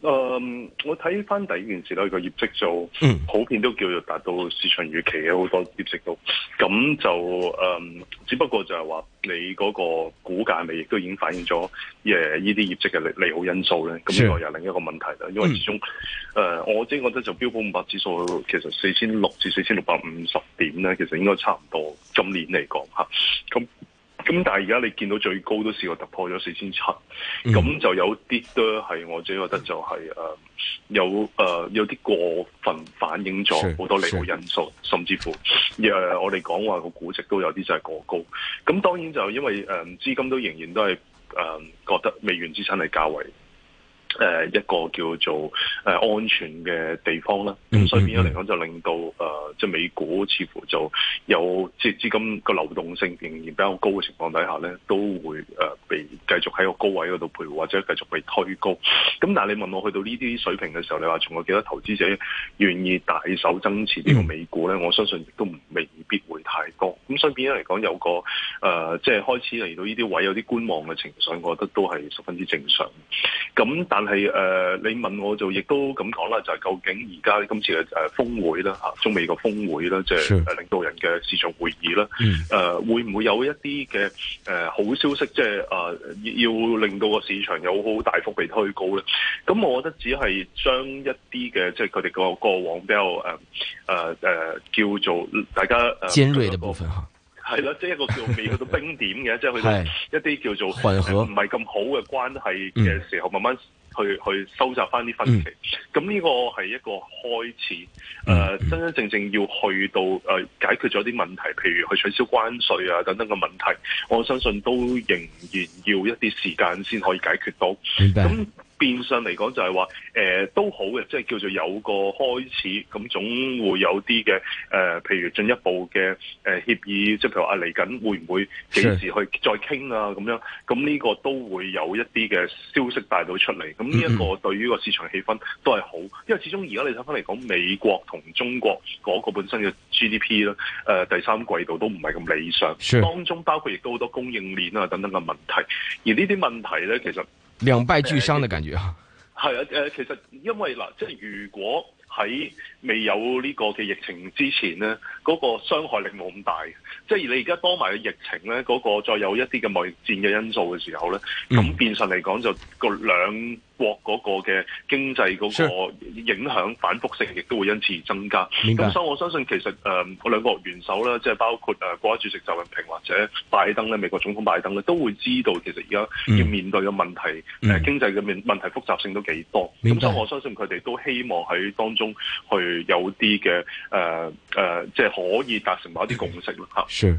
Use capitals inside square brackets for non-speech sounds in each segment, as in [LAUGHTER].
誒、嗯，我睇翻第二件事佢、這個業績就普遍都叫做達到市場預期嘅好多業績度，咁就誒、嗯，只不過就係話你嗰個股價咪亦都已經反映咗呢啲業績嘅利利好因素咧，咁呢個又另一個問題啦，因為始終誒、嗯呃，我即係覺得就標普五百指數其實四千六至四千六百五十點咧，其實應該差唔多，今年嚟講吓咁。咁但係而家你見到最高都試過突破咗四千七，咁就有啲都係我自己覺得就係、是呃、有誒、呃、有啲過分反映咗好多利好因素，甚至乎、呃、我哋講話個估值都有啲真係過高。咁當然就因為誒、呃、資金都仍然都係誒、呃、覺得美元資產係較為誒、呃、一個叫做誒、呃、安全嘅地方啦，咁所以變咗嚟講就令到誒、呃、即係美股似乎就有即係資金個流動性仍然比較高嘅情況底下咧，都會誒被、呃、繼續喺個高位嗰度徘徊，或者繼續被推高。咁但係你問我去到呢啲水平嘅時候，你話仲有幾多投資者願意大手增持呢個美股咧？我相信亦都未必會太多。咁所以變咗嚟講，有個誒、呃、即係開始嚟到呢啲位有啲觀望嘅情緒，我覺得都係十分之正常。咁但但係誒、呃，你問我就亦都咁講啦，就係、是、究竟而家今次嘅峰會啦，中美嘅峰會啦，即、就、係、是、領導人嘅市場會議啦，誒、呃、會唔會有一啲嘅誒好消息，即係誒、呃、要令到個市場有好大幅被推高咧？咁我覺得只係將一啲嘅即係佢哋個過往比較誒、呃呃、叫做大家尖銳嘅、呃呃、部分係啦，即係、就是、一個叫未去到冰點嘅，即係佢一啲叫做唔係咁好嘅關係嘅時候、嗯、慢慢。去去收集翻啲分歧，咁、嗯、呢個係一個開始。誒、嗯，真、呃、真正正要去到誒、呃、解決咗啲問題，譬如去取消關稅啊等等嘅問題，我相信都仍然要一啲時間先可以解決到。嗯嗯變相嚟講就係話，誒、呃、都好嘅，即係叫做有個開始，咁總會有啲嘅誒，譬如進一步嘅誒、呃、協議，即係譬如話嚟緊會唔會幾時去再傾啊？咁樣，咁呢個都會有一啲嘅消息帶到出嚟。咁呢一個對於個市場氣氛都係好，因為始終而家你睇翻嚟講，美國同中國嗰個本身嘅 GDP 咧、呃，第三季度都唔係咁理想，當中包括亦都好多供應鏈啊等等嘅問題。而呢啲問題咧，其實兩敗俱傷嘅感覺啊，係、嗯、啊，誒、嗯，其實因為嗱，即係如果喺未有呢個嘅疫情之前咧，嗰個傷害力冇咁大，即係你而家多埋嘅疫情咧，嗰個再有一啲嘅貿易戰嘅因素嘅時候咧，咁變相嚟講就個兩。國嗰個嘅經濟嗰個影響反覆性亦都會因此而增加。咁所以我相信其實誒嗰兩個元首咧，即係包括誒國家、呃、主席習近平或者拜登咧，美國總統拜登咧，都會知道其實而家要面對嘅問題誒、嗯呃、經濟嘅面問題複雜性都幾多。咁所以我相信佢哋都希望喺當中去有啲嘅誒誒，即係可以達成某一啲共識啦嚇。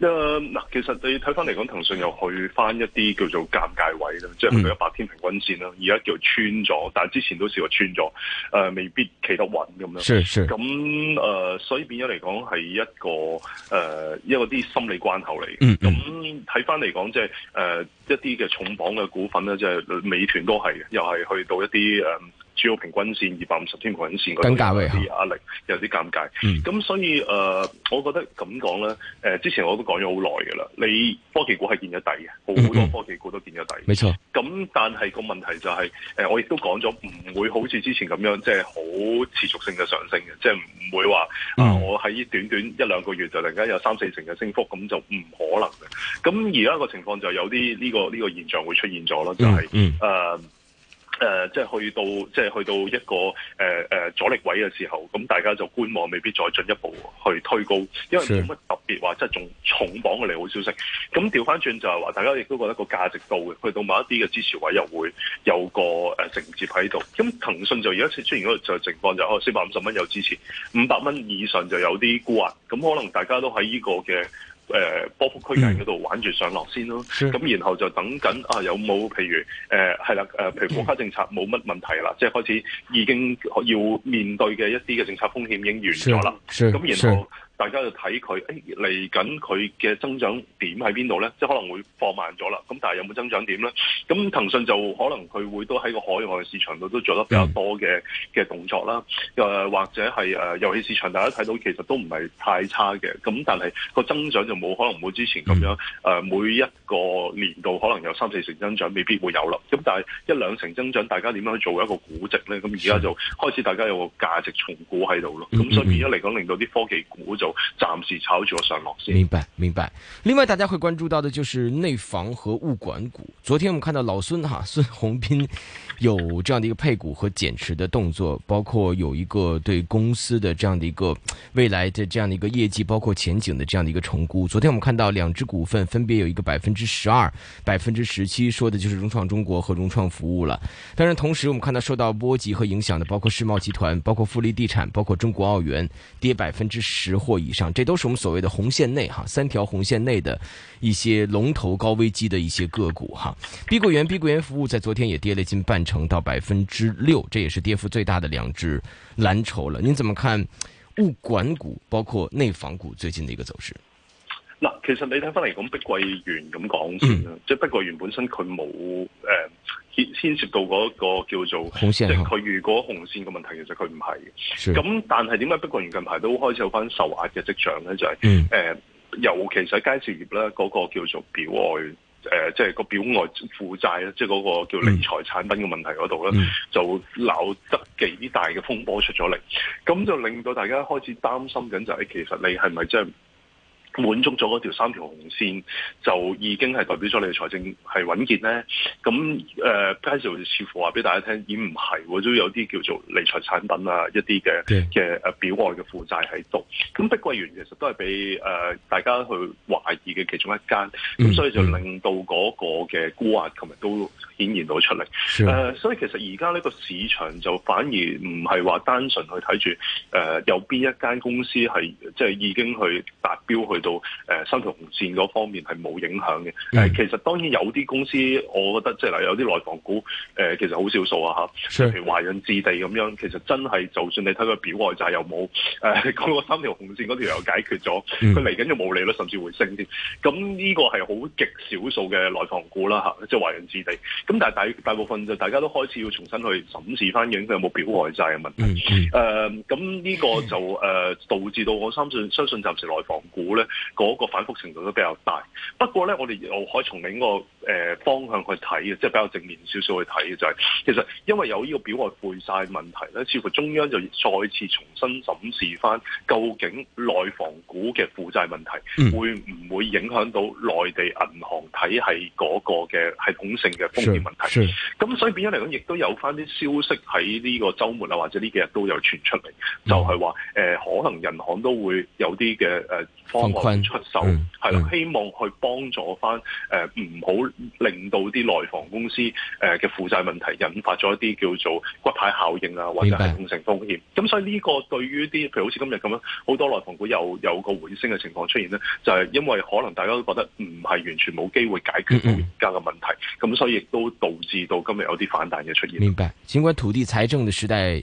誒，嗱，其實你睇翻嚟講，騰訊又去翻一啲叫做尷尬位啦，即係佢有八天平均線啦，而、嗯、家叫穿咗，但係之前都試過穿咗，誒、呃，未必企得穩咁樣。是是。咁誒、呃，所以變咗嚟講係一個誒、呃、一個啲心理關口嚟嘅。咁睇翻嚟講，即係誒、呃、一啲嘅重磅嘅股份咧，即係美團都係，又係去到一啲誒。呃主要平均線二百五十天平均線，有啲壓力，有啲尷尬。咁、嗯、所以誒、呃，我覺得咁講啦誒之前我都講咗好耐㗎啦。你科技股係見咗底嘅，好多科技股都見咗底。冇、嗯嗯、錯。咁但係個問題就係、是呃，我亦都講咗，唔會好似之前咁樣，即係好持續性嘅上升嘅，即係唔會話、嗯呃、我喺短短一兩個月就突然間有三四成嘅升幅，咁就唔可能嘅。咁而家個情況就有啲呢、這個呢、這個現象會出現咗啦，就係、是、誒。嗯嗯呃誒、呃，即係去到，即係去到一個誒誒、呃呃、阻力位嘅時候，咁大家就觀望，未必再進一步去推高，因為冇乜特別話，即係仲重磅嘅利好消息。咁調翻轉就係話，大家亦都覺得個價值度去到某一啲嘅支持位又會有個誒承、呃、接喺度。咁騰訊就而家出現嗰個情況就，哦四百五十蚊有支持，五百蚊以上就有啲沽啊。咁可能大家都喺呢個嘅。誒、呃、波幅區間嗰度玩住上落先咯，咁、嗯、然後就等緊啊有冇譬如誒係啦誒，譬如國家、呃、政策冇乜問題啦、嗯，即係開始已經要面對嘅一啲嘅政策風險已經完咗啦，咁然後。大家就睇佢，誒嚟緊佢嘅增長點喺邊度咧？即係可能會放慢咗啦。咁但係有冇增長點咧？咁騰訊就可能佢會都喺個海外市場度都做得比較多嘅嘅、嗯、動作啦。誒、呃、或者係誒、呃、遊戲市場，大家睇到其實都唔係太差嘅。咁但係個增長就冇可能冇之前咁樣。誒、嗯呃、每一個年度可能有三四成增長，未必會有啦。咁但係一兩成增長，大家點樣去做一個估值咧？咁而家就開始大家有個價值重估喺度咯。咁、嗯嗯、所以而家嚟講，令到啲科技股暫時炒作上落，明白明白。另外，大家會關注到的就是內房和物管股。昨天我們看到老孫哈孫宏斌，有這樣的一個配股和減持的動作，包括有一個對公司的這樣的一個未來的這樣的一個業績包括前景的這樣的一個重估。昨天我們看到兩隻股份分別有一個百分之十二、百分之十七，說的就是融創中國和融創服務了。當然，同時我們看到受到波及和影響的包括世茂集團、包括富力地產、包括中國奧園跌百分之十或。以上，這都是我們所謂的紅線內哈，三條紅線內的一些龍頭高危機的一些個股哈。碧桂園，碧桂園服務在昨天也跌了近半成，到百分之六，這也是跌幅最大的兩隻藍籌了。你怎麼看物管股，包括內房股最近的一個走勢？其實你睇翻嚟講，碧桂園咁講先，即係碧桂園本身佢冇誒。呃牽涉到嗰個叫做紅線，即係佢如果紅線嘅問題，其實佢唔係嘅。咁但係點解碧桂園近排都開始有翻受壓嘅跡象咧？就係、是呃嗯、尤其是喺佳兆業咧嗰、那個叫做表外、呃、即係個表外負債咧，即係嗰個叫理財產品嘅問題嗰度咧，嗯、就鬧得幾大嘅風波出咗嚟，咁就令到大家開始擔心緊就係、是、其實你係咪真係？滿足咗嗰條三條紅線，就已經係代表咗你嘅財政係穩健咧。咁誒，介、呃、紹似乎話俾大家聽，已唔係，都有啲叫做理財產品啊，一啲嘅嘅表外嘅負債喺度。咁碧桂園其實都係俾誒大家去懷疑嘅其中一間。咁、嗯、所以就令到嗰個嘅沽壓琴日都顯現到出嚟。誒、啊呃，所以其實而家呢個市場就反而唔係話單純去睇住誒有邊一間公司係即係已經去達標去。做、啊、誒三條紅線嗰方面係冇影響嘅。誒、啊、其實當然有啲公司，我覺得即係嗱有啲內房股誒、呃、其實好少數啊吓，即、sure. 係譬如華潤置地咁樣，其實真係就算你睇佢表外債又冇誒，佢、啊、個三條紅線嗰條又解決咗，佢嚟緊就冇利率，甚至會升添。咁、yeah. 呢個係好極少數嘅內房股啦吓、啊啊，即係華潤置地。咁但係大大部分就大家都開始要重新去審視翻佢有冇表外債嘅問題。誒咁呢個就誒、啊、導致到我相信相信暫時內房股咧。嗰、那個反覆程度都比較大，不過咧，我哋又可以從另一個、呃、方向去睇嘅，即係比較正面少少去睇嘅，就係、是、其實因為有呢個表外負債問題咧，似乎中央就再次重新審視翻，究竟內房股嘅負債問題、嗯、會唔會影響到內地銀行體系嗰個嘅系統性嘅風險問題？咁所以變咗嚟講，亦都有翻啲消息喺呢個週末啊，或者呢幾日都有傳出嚟、嗯，就係、是、話、呃、可能銀行都會有啲嘅方案出手，係啦、嗯嗯，希望去幫助翻誒，唔、呃、好令到啲內房公司誒嘅負債問題引發咗一啲叫做骨牌效應啊，或者係控城風險。咁所以呢個對於啲，譬如好似今日咁樣，好多內房股有有個回升嘅情況出現咧，就係、是、因為可能大家都覺得唔係完全冇機會解決到而家嘅問題，咁、嗯嗯、所以亦都導致到今日有啲反彈嘅出現。明白，儘管土地財政嘅時代。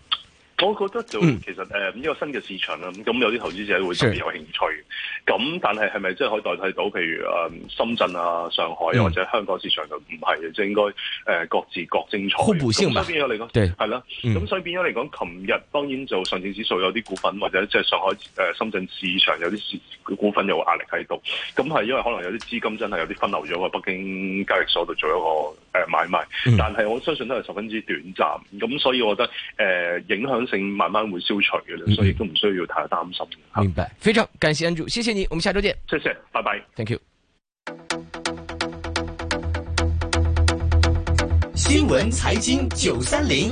我覺得就其實誒呢、嗯呃這個新嘅市場啦，咁有啲投資者會特別有興趣。咁但係係咪真係可以代替到？譬如誒、呃、深圳啊、上海啊、嗯、或者香港市場就唔係嘅，就應該、呃、各自各精彩。互補性嘛。咁所以變咗嚟講，係啦。咁所以變咗嚟講，琴日當然就上證指數有啲股份或者即係上海誒、呃、深圳市場有啲股份有壓力喺度。咁係因為可能有啲資金真係有啲分流咗喺北京交易所度做一個誒、呃、買賣。嗯、但係我相信都係十分之短暫。咁所以我覺得誒、呃、影響。慢慢會消除嘅啦，所以都唔需要太擔心。Mm -hmm. 明白，非常感謝 Andrew，謝謝你，我們下周見，謝謝，拜拜，thank you。新聞財經九三零。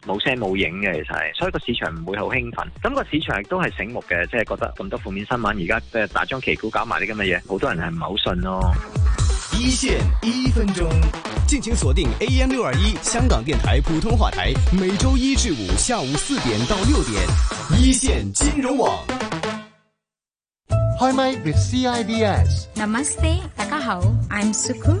冇聲冇影嘅其實係，所以個市場唔會好興奮。咁個市場亦都係醒目嘅，即係覺得咁多負面新聞，而家即係大張旗鼓搞埋啲咁嘅嘢，好多人係唔係好信咯。一線一分鐘，敬請鎖定 AM 六二一香港電台普通話台，每周一至五下午四點到六點。一線金融網。Hi，my with CIBS。Namaste，大家好，I'm Sukum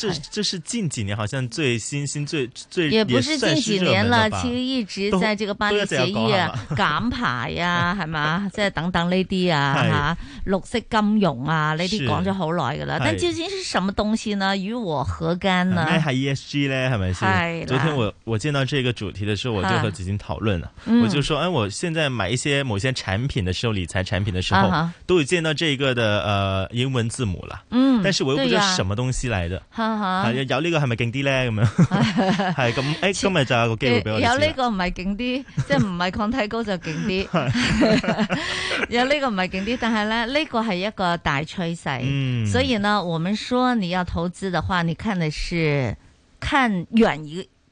這這是近幾年好像最新興最最也不是近幾年了，了其實一直在這個巴黎協議、啊、減排 [LAUGHS] 呀，係嘛？即係等等呢啲啊，吓、哎啊、綠色金融啊呢啲講咗好耐噶啦。但究竟是什麼東西呢？與我何干呢？哎、還 ESG 咧，係咪先？係、哎。昨天我我見到這個主題的時候，我就和子矜討論了、哎。我就說，哎、嗯啊，我現在買一些某些產品的時候，理財產品的時候，啊、都有見到這個的呃英文字母了。嗯，但是我又不知道什麼東西來的。係、uh -huh. 有這個是不是呢個係咪勁啲咧？咁樣係咁，誒、嗯欸、今日就有個機會俾我。 [LAUGHS] 有呢個唔係勁啲， [LAUGHS] 即係唔係抗體高就勁啲。 [LAUGHS] 有呢個唔係勁啲，但係咧呢、這個係一個大趨勢、嗯。所以呢，我們說你要投資的話，你看的是看遠一。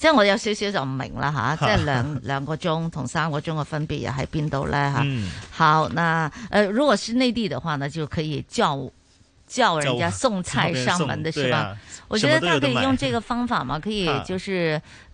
即係我有少少就唔明啦，吓，即係兩兩個鐘同三個鐘嘅分別又喺邊度咧吓？好，那誒、呃、如果是內地嘅話呢，就可以叫叫人家送菜上門嘅，是吧我、啊？我覺得大家可以用這個方法嘛，可以就是。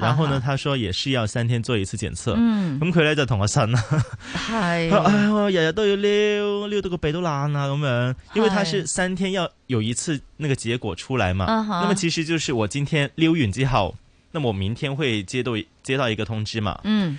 然後呢，他說也是要三天做一次檢測，嗯，咁佢咧就同我信啦，係、嗯， [LAUGHS] 哎呀，日、哎、日都要溜，溜到個鼻都爛啦，咁樣、哎，因為他是三天要有一次那個結果出來嘛，嗯、那麼其實就是我今天溜允記好，那麼我明天會接到接到一個通知嘛，嗯。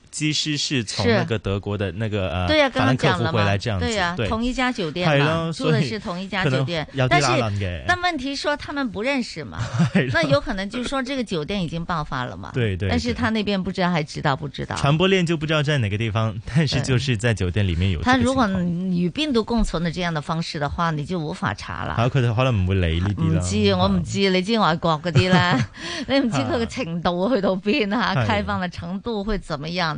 機師是從那個德國的那個呃法蘭克福回來這樣子，對呀、啊，剛剛講了嘛，同一家酒店嘛了，住的是同一家酒店。但是、嗯、那問題說他們不認識嘛，那有可能就是說這個酒店已經爆發了嘛。對對，對，對。但是他那邊不知道還知道不知道？傳播鏈就不知道在哪個地方，但是就是在酒店裏面有。他如果與病毒共存的這樣的方式的話，你就無法查了。好，佢哋可能唔會嚟呢啲咯。唔知我唔知，你知外國嗰啲 [LAUGHS] 你唔知程度、啊、會去到邊啊，啊？開放的程度會怎麼樣、啊？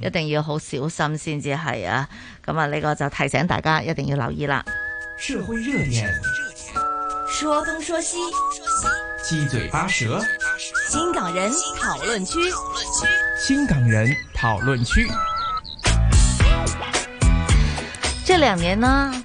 一定要好小心先至係啊！咁啊，呢個就提醒大家一定要留意啦。社會熱點，說東說西，七嘴八舌，新港人討論區，新港人討論區。這兩年呢，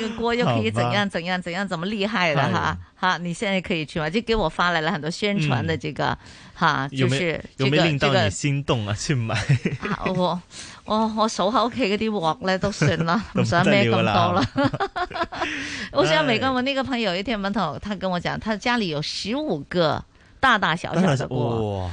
這個鍋又可以怎樣怎樣怎樣怎麼厲害的、哎、哈？好，你現在可以去嗎？就給我發來了很多宣傳的這個、嗯、哈，就是這個這個心動啊，去買。這個啊、我我我手好，下屋企嗰啲鍋都算了。 [LAUGHS] 不更了哎、 [LAUGHS] 唔想孭咁多了。我想，我那個朋友一天門口，他跟我講，他家裏有十五個大大小小的鍋。大大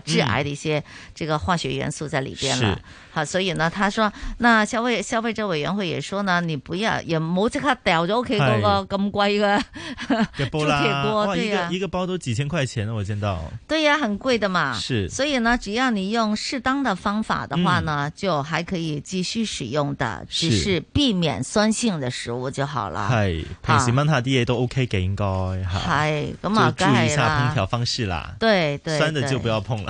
嗯、致癌的一些這個化學元素在裏邊了，好，所以呢，他說，那消費消費者委員會也說呢，你不要也冇這個掉就 OK，那個咁貴個鑄鐵鍋，一個一個包都幾千塊錢，我見到。對呀，很貴的嘛。是，所以呢，只要你用適當的方法的話呢，嗯、就還可以繼續使用的，只是避免酸性的食物就好了。是。平時燜下啲嘢也都 OK 嘅應該哈。係咁啊，就注意一下烹調方式啦。對對。酸的就不要碰了。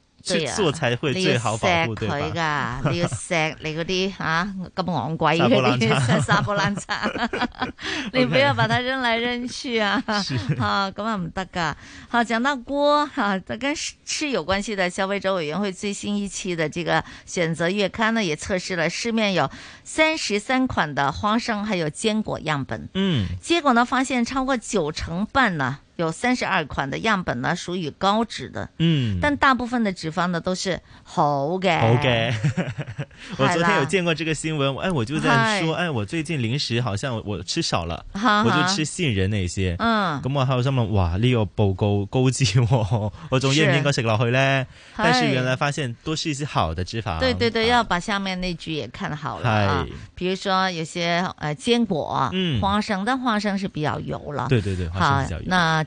素材會最好保護對、啊、對吧？你要錫佢噶，你要錫你嗰啲吓咁昂貴嗰啲沙煲罌罉，你不要把它扔來扔去啊！好，咁啊唔得噶。好，講到鍋哈，都、啊、跟吃有關係的。消費者委員會最新一期的這個選擇月刊呢，也測試了市面有三十三款的花生還有堅果樣本。嗯，結果呢，發現超過九成半呢。有三十二款的樣本呢，屬於高脂的，嗯，但大部分的脂肪呢都是好嘅，好、okay, 嘅。我昨天有見過這個新聞，哎，我就在說哎，哎，我最近零食好像我吃少了，哈哈我就吃杏仁那些，嗯，咁麼還有什麼哇？你有飽夠高脂，我仲應唔應該食落去咧？但是原來發現都是一些好的脂肪。對對對，要把下面那句也看好了啊。比如說有些呃堅果，嗯，花生，但花生是比較油了。對對對，花生比較油。那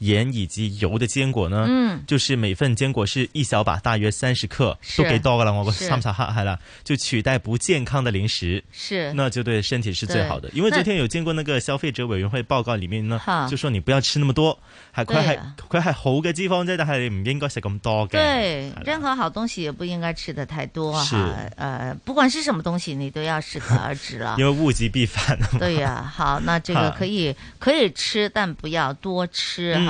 鹽以及油的堅果呢、嗯，就是每份堅果是一小把，大約三十克，都幾多噶了，我就取代不健康的零食，是那就對身體是最好的。因為昨天有見過那個消費者委員會報告裏面呢，就說你不要吃那麼多，還還、啊、還還好嘅脂肪啫，但係你唔應該食咁多嘅。對、啊，任何好東西也不應該吃得太多是。呃，不管是什麼東西，你都要適可而止了。 [LAUGHS] 因為物極必反、啊、對呀、啊，好，那這個可以可以吃，但不要多吃。嗯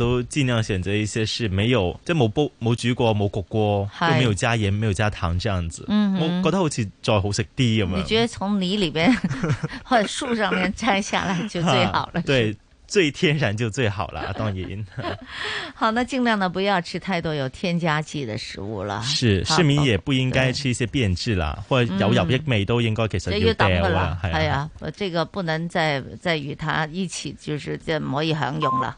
都盡量選擇一些是沒有即係冇煲冇煮過冇焗過，都沒,沒有加鹽、沒有加糖這樣子、嗯，我覺得好似再好食啲咁樣。你覺得從泥裏邊 [LAUGHS] 或者樹上面摘下來就最好了、 [LAUGHS] 啊？對，最天然就最好啦，當然， [LAUGHS] 好，那盡量呢，不要吃太多有添加劑的食物啦。是市民也不應該吃一些變質啦，或者咬有異味都應該其實要避免。哎呀，我這個不能再再與他一起，就是即模唔可以享用啦。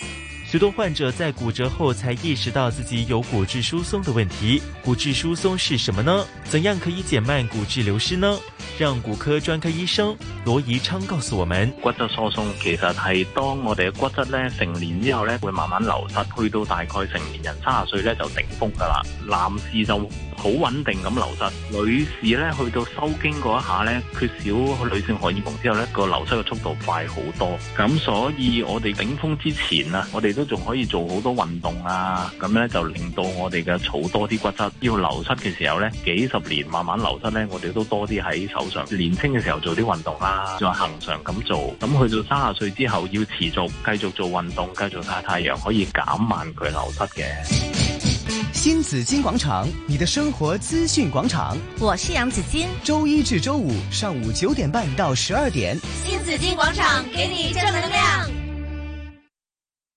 許多患者在骨折後才意識到自己有骨質疏鬆的問題。骨質疏鬆是什麼呢？怎樣可以減慢骨質流失呢？讓骨科專科醫生羅宜昌告訴我們：骨質疏鬆其實係當我哋嘅骨質咧成年之後咧會慢慢流失，去到大概成年人三十歲咧就頂峰噶啦。男士就好穩定咁流失，女士咧去到收經嗰一下咧缺少女性荷爾蒙之後咧個流失嘅速度快好多。咁所以我哋頂峰之前啊，我哋都。都仲可以做好多運動啊，咁咧就令到我哋嘅儲多啲骨質，要流失嘅時候咧，幾十年慢慢流失咧，我哋都多啲喺手上。年輕嘅時候做啲運動啦，啊，就恒常咁做，咁去到三十歲之後要持續繼續做運動，繼續晒太陽，可以減慢佢流失嘅。新紫荊廣場，你的生活資訊廣場，我是楊子矜，周一至周五上午九點半到十二點，新紫荊廣場給你正能量。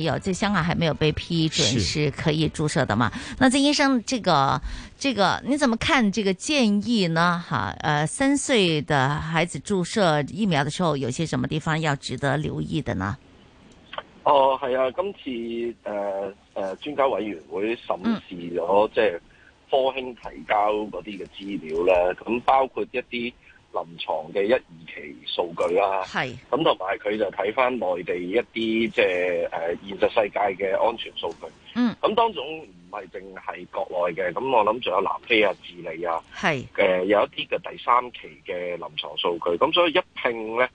有，在香港還沒有被批准是可以注射的嘛？那曾醫生，這個這個，你怎麼看這個建議呢？哈、啊，呃，三歲的孩子注射疫苗的時候，有些什麼地方要值得留意的呢？哦，係啊，今次呃，呃專家委員會審視咗即係科興提交嗰啲嘅資料呢，咁、嗯、包括一啲。臨床嘅一、二期數據啦、啊，係咁同埋佢就睇返內地一啲即係誒現實世界嘅安全數據，嗯，咁當中唔係淨係國內嘅，咁我諗仲有南非啊、智利啊，係、呃、有一啲嘅第三期嘅臨床數據，咁所以一併咧，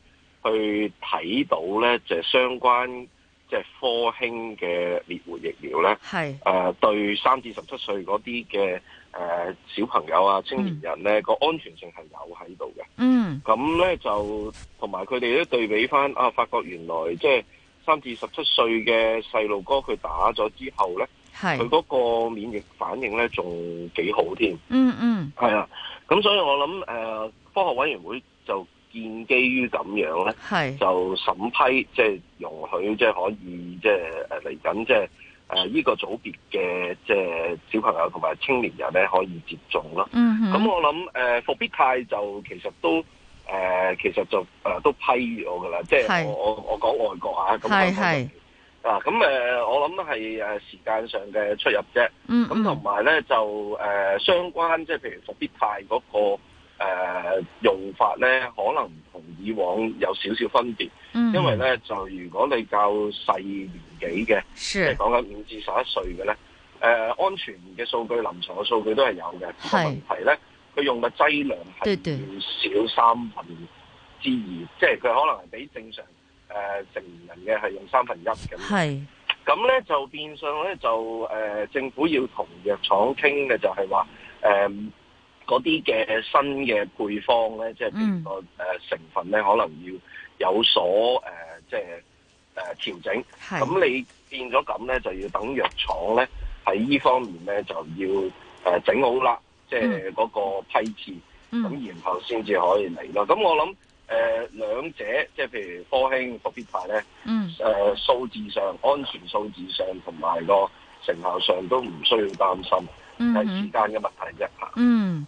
去睇到咧就係、是、相關即係、就是、科興嘅滅活疫苗咧，係、呃、對三至十七歲嗰啲嘅。誒、呃，小朋友啊，青年人咧個、嗯、安全性係有喺度嘅。嗯，咁咧就同埋佢哋都對比翻啊，發覺原來即係三至十七歲嘅細路哥，佢打咗之後咧，係佢嗰個免疫反應咧仲幾好添。嗯嗯，係啊。咁所以我諗誒、呃，科學委員會就建基於咁樣咧，係就審批即係容許即係可以即係誒嚟緊即係。誒、呃，呢、這個組別嘅即係小朋友同埋青年人咧，可以接種咯。咁、嗯、我諗誒復必泰就其實都誒、呃，其實就誒、呃、都批咗噶啦。即係我我講外國下、啊，咁啊咁誒、呃，我諗係誒時間上嘅出入啫。咁同埋咧就誒、呃、相關，即係譬如復必泰嗰、那個誒、呃、用法咧，可能同以往有少少分別。嗯、因為咧就如果你較細。俾嘅，即係講緊五至十一歲嘅咧，誒、呃、安全嘅數據、臨床嘅數據都係有嘅。個問題咧，佢用嘅劑量係少三分之二，即係佢可能係比正常誒、呃、成年人嘅係用三分一咁。係咁咧，就變相咧就誒、呃、政府要同藥廠傾嘅就係話誒嗰啲嘅新嘅配方咧，即係個誒成分咧，可能要有所誒、呃、即係。誒、啊、調整，咁你變咗咁咧，就要等藥廠咧喺呢方面咧就要、呃、整好啦，即係嗰個批次，咁、嗯、然後先至可以嚟咯。咁我諗誒兩者，即係譬如科興、復必泰咧，誒、嗯呃、數字上、安全數字上同埋個成效上都唔需要擔心，係時間嘅問題啫嚇。嗯嗯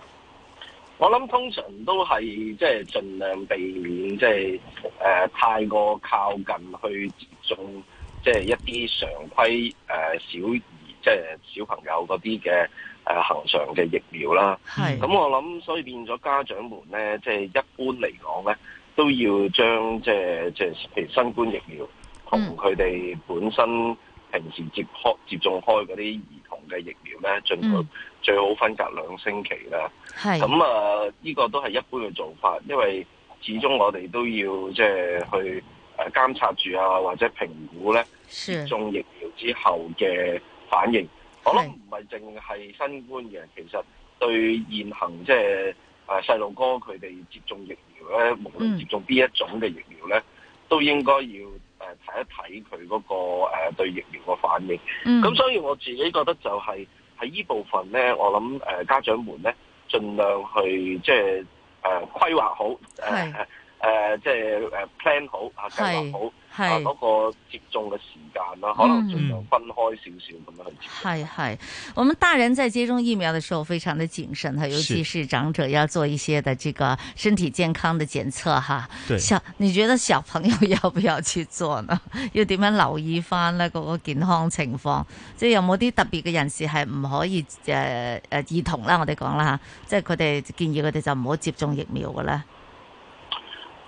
我諗通常都係即係盡量避免即係誒太過靠近去接種即係、就是、一啲常規誒、呃、小兒即係、就是、小朋友嗰啲嘅誒恆常嘅疫苗啦。係。咁我諗所以變咗家長們咧，即、就、係、是、一般嚟講咧，都要將即係即係譬如新冠疫苗同佢哋本身平時接開接種開嗰啲兒童嘅疫苗咧，進行。嗯最好分隔兩星期啦，咁啊，呢、呢個都係一般嘅做法，因為始終我哋都要即係去誒監察住啊，或者評估咧接種疫苗之後嘅反應。我諗唔係淨係新冠嘅，其實對現行即係誒細路哥佢哋接種疫苗咧，無論接種邊一種嘅疫苗咧、嗯，都應該要誒睇、呃、一睇佢嗰個誒、呃、對疫苗嘅反應。咁、嗯、所以我自己覺得就係、是。喺呢部分咧，我諗誒家長們咧，盡量去即係誒規劃好誒誒即係誒 plan 好啊計劃好。係嗰、啊那個接種嘅時間啦、嗯，可能盡量分開少少咁樣去。係係，我們大人在接種疫苗嘅時候非常的謹慎啦，尤其是長者要做一些的這個身體健康的檢測哈。小、啊、你覺得小朋友要不要去做呢？要點樣留意翻呢嗰個健康情況？即係有冇啲特別嘅人士係唔可以誒誒兒童啦？我哋講啦吓，即係佢哋建議佢哋就唔好接種疫苗嘅咧。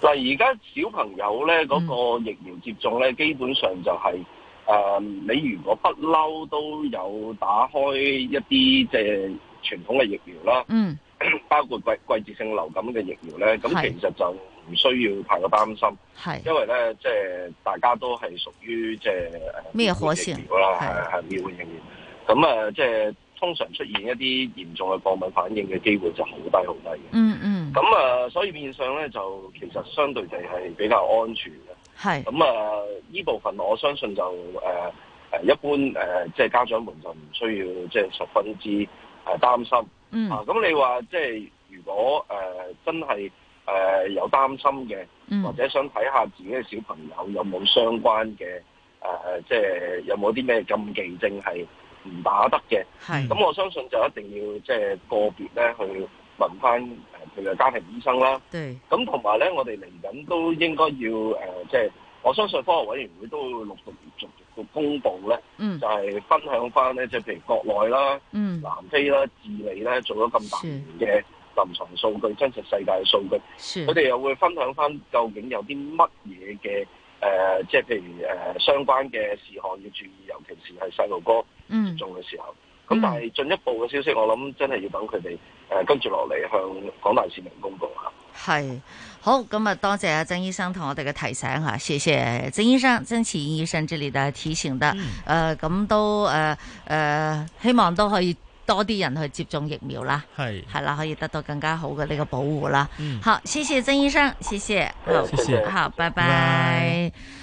嗱，而家小朋友咧嗰、那個疫苗接種咧、嗯，基本上就係、是、誒、呃，你如果不嬲都有打開一啲即係傳統嘅疫苗啦，嗯，包括季季節性流感嘅疫苗咧，咁其實就唔需要太過擔心，係，因為咧即係大家都係屬於即係誒疫苗啦，係係疫苗嘅疫苗，咁啊即係通常出現一啲嚴重嘅過敏反應嘅機會就好低好低嘅，嗯嗯。咁啊，所以變相咧就其實相對地係比較安全嘅。係。咁啊，呢部分我相信就誒誒、啊、一般誒，即、啊、係、就是、家長們就唔需要即係、就是、十分之誒、啊、擔心。嗯、啊，咁你話即係如果誒、啊、真係誒、啊、有擔心嘅、嗯，或者想睇下自己嘅小朋友有冇相關嘅誒，即、啊、係、就是、有冇啲咩禁忌症係唔打得嘅。係。咁我相信就一定要即係、就是、個別咧去問翻。譬如家庭醫生啦，咁同埋咧，我哋嚟緊都應該要即係、呃即係、我相信科學委員會都會陸續陸續嘅公布咧、嗯，就係、是、分享翻咧，即係譬如國內啦、嗯、南非啦、智利咧做咗咁大型嘅臨床數據、真實世界嘅數據，佢哋又會分享翻究竟有啲乜嘢嘅即係譬如、呃、相關嘅事項要注意，尤其是係細路哥嗯、接種嘅時候。嗯咁、嗯、但係進一步嘅消息，我諗真係要等佢哋誒跟住落嚟向廣大市民公布吓。係，好，咁啊多謝阿曾醫生同我哋嘅提醒吓，謝謝曾醫生、曾慈醫生之列嘅提醒得，誒、嗯、咁、呃、都誒誒、呃，希望都可以多啲人去接種疫苗啦。係係啦，可以得到更加好嘅呢個保護啦、嗯。好，謝謝曾醫生，謝謝，嗯、好，謝謝好謝謝，好，拜拜。拜拜。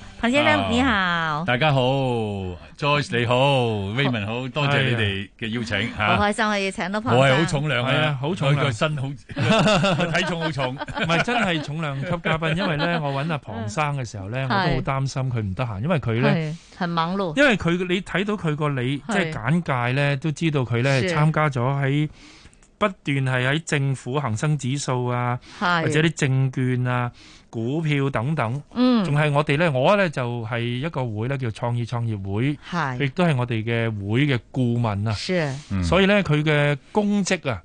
龐先生你好，大家好，Joyce 你好，Raymond 好多謝你哋嘅邀請，好開心可以請到龐生，我係好重量啊，好重個身，好體重好重，唔係真係重量級嘉賓。因為咧我揾阿龐生嘅時候咧，我都好擔心佢唔得閒，因為佢咧係猛路，因為佢你睇到佢個你即係簡介咧，都知道佢咧參加咗喺。不斷係喺政府恆生指數啊，或者啲證券啊、股票等等，嗯，仲係我哋呢，我呢就係一個會呢叫創意創業會，係，亦都係我哋嘅會嘅顧問啊，是，嗯，所以呢佢嘅公職啊，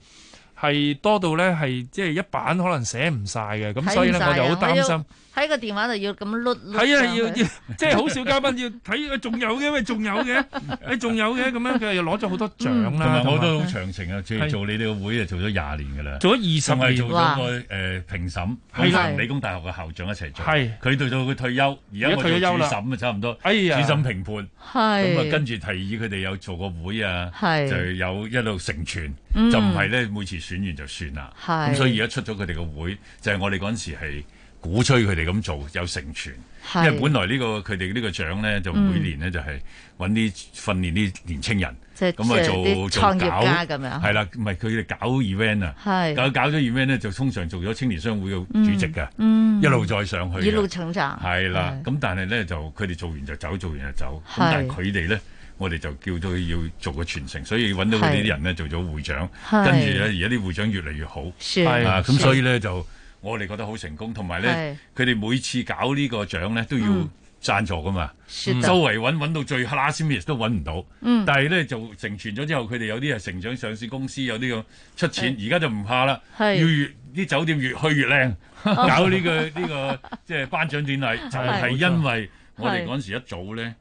係多到呢係即係一版可能寫唔晒嘅，咁所以呢我就好擔心。喺個電話就要咁碌碌，係啊，要要，即係好少嘉賓要睇，仲、哎、有嘅咩？仲、哎、有嘅，仲、嗯、有嘅咁樣，佢又攞咗好多獎啦，同埋好多長情啊！即係做你哋個會啊，做咗廿年噶啦，做咗二十年做咗個誒評審，同埋理工大學嘅校長一齊做。係佢到咗佢退休，而家、啊、我做主審差唔多。哎呀，主審評判，咁啊，跟住提議佢哋有做個會啊，就有一路成全，啊、就唔係咧每次選完就算啦。係咁、啊啊，所以而家出咗佢哋個會，就係、是、我哋嗰陣時係。鼓吹佢哋咁做有成全，因為本來呢、呢個佢哋呢個獎咧就每年咧就係揾啲訓練啲年青人，咁、嗯、啊做、就係、那家做搞，係啦，唔係佢哋搞 event 啊，搞搞咗 event 咧就通常做咗青年商會嘅主席嘅、嗯嗯，一路再上去，一路成長，係啦。咁但係咧就佢哋做完就走，做完就走。咁但係佢哋咧，我哋就叫到要做個傳承，所以揾到佢哋啲人咧做咗會長，跟住咧而家啲會長越嚟越好。係啊，咁所以咧就。我哋覺得好成功，同埋咧，佢哋每次搞呢個獎咧都要贊助噶嘛、嗯，周圍揾揾到最黑啦先，都揾唔到。嗯、但係咧就成全咗之後，佢哋有啲係成長上市公司，有啲咁出錢，而家就唔怕啦。係，要越啲酒店越去越靚，oh、搞呢、呢個呢、 [LAUGHS] 呢個即係頒獎典禮， [LAUGHS] 就係因為。我哋嗰時一早咧，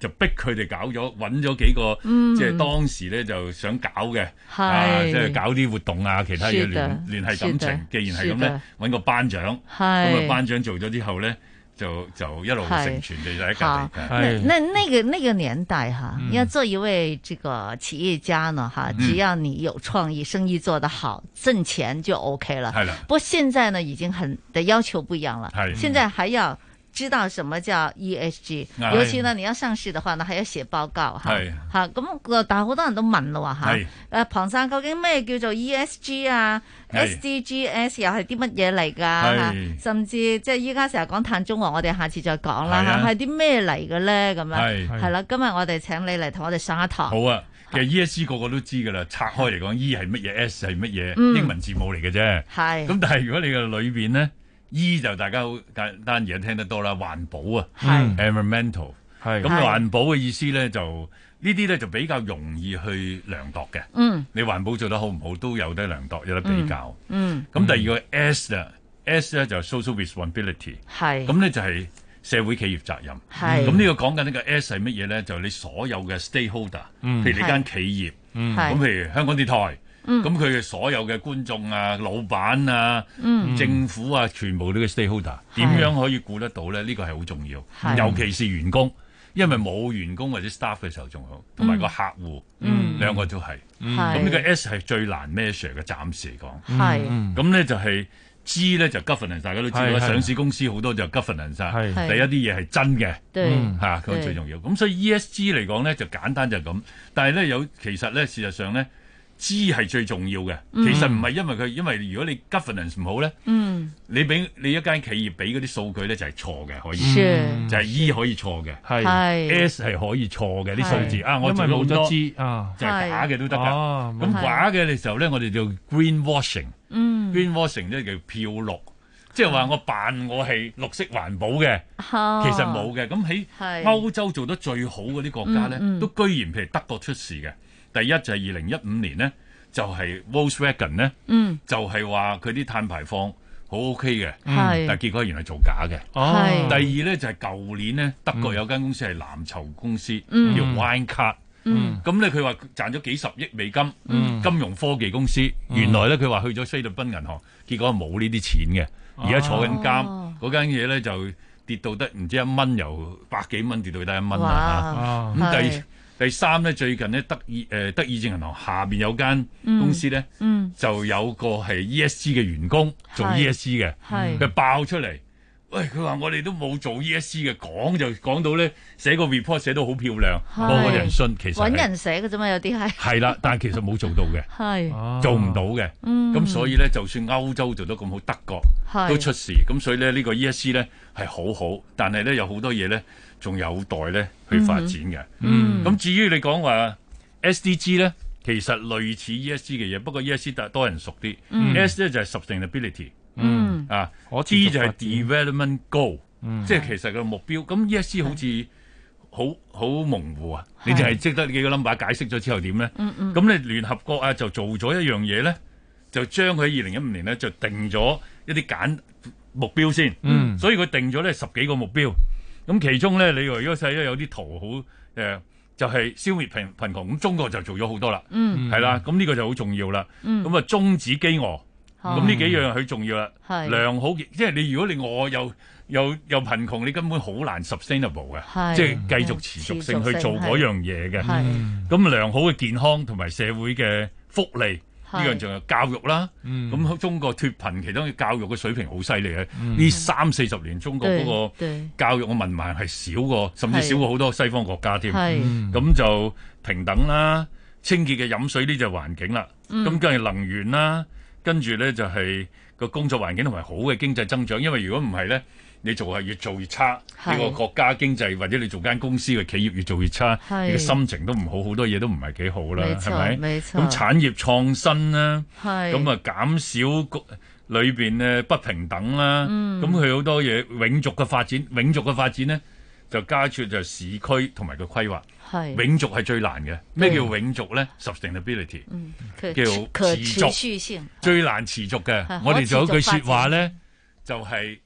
就逼佢哋搞咗，揾咗幾個，嗯、即係當時咧就想搞嘅，啊，即係搞啲活動啊，其他嘢聯聯繫感情。是既然係咁咧，揾個班長，咁啊、那個、班長做咗之後咧，就就一路成全就喺隔籬。那那那個那個年代哈，要做一位這個企業家呢哈、嗯，只要你有創意，生意做得好，掙錢就 OK 了。係啦，不過現在呢已經很的要求不一樣了。係，現在還要。知道什麼叫 ESG，尤其呢你要上市嘅話呢，呢係要寫報告吓，咁但係好多人都問咯啊吓，誒龐生究竟咩叫做 ESG 啊是，SDGS 又係啲乜嘢嚟噶，甚至即係依家成日講碳中和，我哋下次再講啦，係啲咩嚟嘅咧咁樣，係啦，今日我哋請你嚟同我哋上,上一堂。好啊，其實 ESG 個個都知噶啦，拆開嚟講，E 係乜嘢，S 係乜嘢，英文字母嚟嘅啫，係，咁但係如果你嘅裏邊呢？E 就大家好簡單嘢聽得多啦，環保啊、嗯、，environmental，咁、嗯、環保嘅意思咧就這些呢啲咧就比較容易去量度嘅、嗯。你環保做得好唔好都有得量度，有得比較。咁、嗯嗯、第二個 S 啦、嗯、，S 咧就是 social responsibility，咁、嗯、咧就係社會企業責任。咁、嗯、呢個講緊呢個 S 係乜嘢咧？就是、你所有嘅 stakeholder，、嗯、譬如你間企業，咁、嗯嗯、譬如香港電台。咁佢嘅所有嘅觀眾啊、老闆啊、嗯、政府啊，全部都個 stakeholder 點樣可以顧得到咧？呢、呢個係好重要，尤其是員工，因為冇員工或者 staff 嘅時候仲好，同、嗯、埋個客戶、嗯、兩個都係。咁、嗯、呢、嗯、個 S 係最難 measure 嘅暫時嚟講。咁咧、嗯、就係 G 咧就係、governance，大家都知道上市公司好多就 governance 啦，第一啲嘢係真嘅嚇，佢、啊、最重要。咁所以 ESG 嚟講咧就簡單就係咁，但係咧有其實咧事實上咧。G 係最重要嘅、嗯，其實唔係因為佢，因為如果你 governance 唔好咧、嗯，你俾你一間企業俾嗰啲數據咧就係、是、錯嘅，可以，嗯、就係、是、E 可以錯嘅，係 S 係可以錯嘅啲數字啊，我做咗 G 啊，就係假嘅都得㗎。咁假嘅時時候咧，我哋叫 greenwashing，greenwashing 咧、嗯、greenwashing 叫漂綠，即係話我扮我係綠色環保嘅、啊，其實冇嘅。咁喺歐洲做得最好嗰啲國家咧、嗯嗯，都居然譬如德國出事嘅。第一就係二零一五年咧，就係 Volkswagen 呢，就係話佢啲碳排放好 OK 嘅、嗯，但係結果原來造假嘅、哦。第二咧就係舊年咧、嗯，德國有間公司係藍籌公司、嗯、叫 Wirecard，咁、嗯、咧佢、嗯、話賺、嗯、咗幾十億美金、嗯，金融科技公司，嗯、原來咧佢話去咗菲律賓銀行，結果冇、哦哦、呢啲錢嘅，而家坐緊監，嗰間嘢咧就跌到得唔知一蚊，由百幾蚊跌到得一蚊啦。咁第、啊嗯第三咧，最近咧，德意誒德意志銀行下面有間公司咧、嗯嗯，就有個係 E S G 嘅員工做 E S G 嘅，佢爆出嚟，喂，佢話我哋都冇做 E S G 嘅，講就講到咧，寫個 report 寫得好漂亮，哋、哦、冇人信其實揾人寫嘅啫嘛，有啲係係啦，但係其實冇做到嘅，係 [LAUGHS] 做唔到嘅，咁、啊嗯、所以咧，就算歐洲做得咁好，德國都出事，咁所以咧，呢個 E S G 咧係好好，但係咧有好多嘢咧。仲有待咧去發展嘅。咁、mm -hmm. 至於你講話 SDG 咧，其實類似 ESG 嘅嘢，不過 ESG 特多人熟啲。Mm -hmm. S 咧就係 sustainability，、mm -hmm. 啊我就，D 就係 Development Goal，、mm -hmm. 即係其實個目標。咁 ESG 好似好好模糊啊！你就係識得幾個 number 解釋咗之後點咧？咁、mm -hmm. 你聯合國啊就做咗一樣嘢咧，就將佢喺二零一五年咧就定咗一啲簡目標先。Mm -hmm. 所以佢定咗咧十幾個目標。咁其中咧，你話如果世咧有啲圖好誒、呃，就係、是、消滅貧貧窮，咁中國就做咗好多啦，係、嗯、啦，咁呢個就好重要啦。咁、嗯、啊，就終止饑餓，咁、嗯、呢幾樣係好重要啦、嗯。良好，即係你如果你我又又又貧窮，你根本好難 sustainable 嘅，即係、就是、繼續持續性去做嗰樣嘢嘅。咁、嗯、良好嘅健康同埋社會嘅福利。呢樣仲有教育啦，咁、嗯、中國脫貧，其中教育嘅水平好犀利嘅。呢三四十年，中國嗰個教育嘅文盲係少過，甚至少過好多西方國家添。咁、嗯嗯、就平等啦，清潔嘅飲水呢就環境啦。咁跟住能源啦，跟住呢就係個工作環境同埋好嘅經濟增長。因為如果唔係呢。你做係越做越差，呢、這個國家經濟或者你做間公司嘅企業越做越差，你嘅心情都唔好，很多東西都不好，多嘢都唔係幾好啦，係咪？咁產業創新啦，咁啊減少裏邊咧不平等啦，咁佢好多嘢永續嘅發展，永續嘅發展咧就加住就市區同埋個規劃，是永續係最難嘅。咩叫永續咧？sustainability，、嗯、叫持續，持續性最難持續嘅。我哋仲有一句說話咧，就係、是。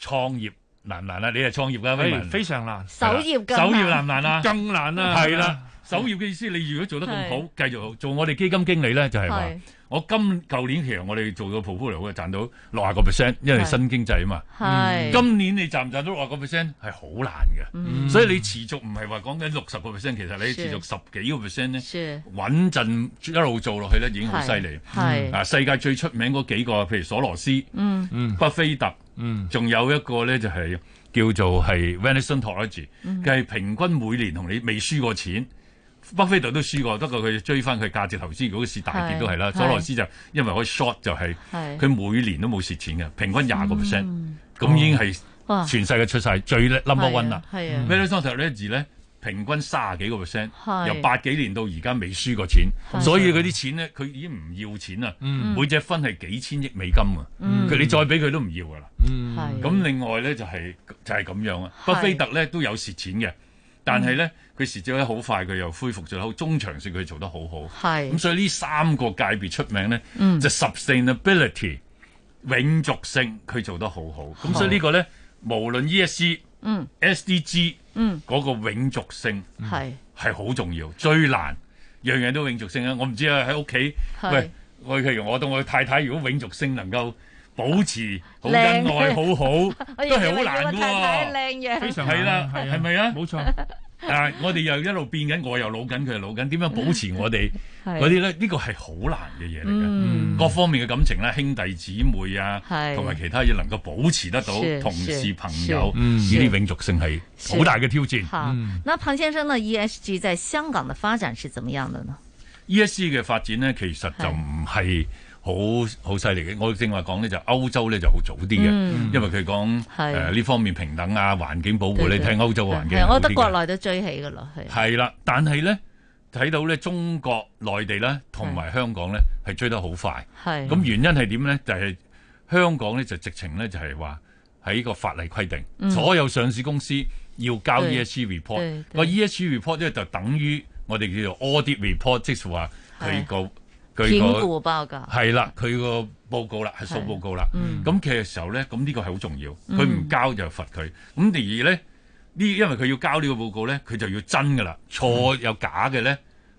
創業難唔難啊？你係創業㗎，非常難。守業嘅守，守業難唔難啊？ [LAUGHS] 更難啦、啊，係 [LAUGHS] 啦、啊。首要嘅意思，你如果做得咁好，繼續做我哋基金經理咧，就係、是、話我今舊年其實我哋做個 portfolio 啊，賺到六十個 percent，因為新經濟啊嘛。係、嗯、今年你賺唔賺到六十個 percent 係好難嘅、嗯，所以你持續唔係話講緊六十個 percent，其實你持續十幾個 percent 咧，穩陣一路做落去咧已經好犀利。係、嗯、啊，世界最出名嗰幾個，譬如索羅斯、嗯嗯、巴菲特，嗯，仲有一個咧就係、是、叫做係 Renaissance Technology 佢係平均每年同你未輸過錢。巴菲特都輸過，不過佢追翻，佢價值投資嗰個市大跌都係啦。佐羅斯就是、因為可以 short 就係、是，佢每年都冇蝕錢嘅，平均廿個 percent，咁已經係全世界出晒最 number one 啦。咩、嗯嗯、呢？三十呢字咧，平均卅幾個 percent，由八幾年到而家未輸過錢，所以佢啲錢咧，佢已經唔要錢啦。每隻分係幾千億美金啊！佢、嗯嗯、你再俾佢都唔要噶啦。咁、嗯、另外咧就係、是、就係、是、咁樣啊。巴菲特咧都有蝕錢嘅。但係咧，佢時接咧好快，佢又恢復咗好中長線。佢做得好好，咁，所以呢三個界別出名咧，就、嗯、sustainability 永續性佢做得好好。咁所以個呢個咧，無論 E S G 嗯 S D G 嗯嗰、那個永續性係係好重要，最難樣樣都永續性啊！我唔知啊，喺屋企喂譬如，我同我太太，如果永續性能夠。保持好恩愛好好都係好難嘅嘢，非常係啦，係咪啊？冇、啊、錯， [LAUGHS] 啊，我哋又一路變緊，我又老緊，佢又老緊，點樣保持我哋嗰啲咧？ [LAUGHS] 呢、這個係好難嘅嘢嚟嘅，各方面嘅感情咧，兄弟姊妹啊，同、嗯、埋其他嘢能夠保持得到同，同事朋友呢啲永續性係好大嘅挑戰。好，那龐先生呢？E S G 在香港嘅發展是怎麼樣嘅呢？E S G 嘅發展呢，其實就唔係。好好犀利嘅，我正話講咧就歐洲咧就好早啲嘅、嗯，因為佢講誒呢方面平等啊、環境保護，對對對，你睇歐洲嘅環境。我覺得國內都追起㗎咯，係。係啦，但係咧睇到咧中國內地咧同埋香港咧係追得好快，咁原因係點咧？就係、是、香港咧就直情咧就係話喺個法例規定、嗯，所有上市公司要交 ESG report，個 ESG report 咧就等於我哋叫做 audit report，即係話佢個。包個係啦，佢個報告啦，係數報告啦。咁、嗯嗯、其實時候咧，咁、這、呢個係好重要。佢唔交就罰佢。咁第二咧，呢因為佢要交呢個報告咧，佢就要真噶啦。錯有、嗯、假嘅咧，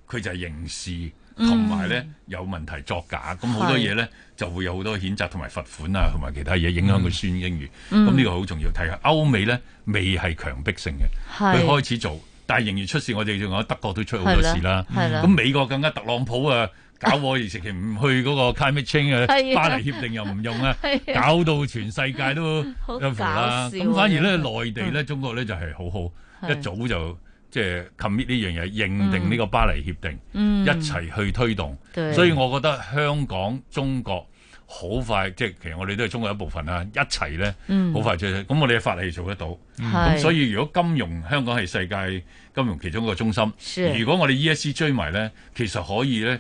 佢就係刑事同埋咧有問題作假。咁、嗯、好多嘢咧就會有好多譴責同埋罰款啊，同埋其他嘢影響佢說英語。咁、嗯、呢、嗯，這個好重要，睇下。歐美咧未係強迫性嘅，佢開始做，但係仍然出事。我哋仲講德國都出好多事啦。咁、嗯嗯、美國更加特朗普啊！搞我而食其唔去嗰個 Climate Change 嘅、啊、巴黎協定又唔用啊，搞到全世界都 [LAUGHS] 好搞笑啦！咁反而咧，內地咧、嗯，中國咧就係、是、好好一早就即係 commit 呢樣嘢，認定呢個巴黎協定，嗯、一齊去推動。所以我覺得香港、中國好快，即係其實我哋都係中國一部分啊！一齊咧，好、嗯、快就咁我哋嘅法例做得到。咁所以如果金融香港係世界金融其中一個中心，如果我哋 ESG 追埋咧，其實可以咧。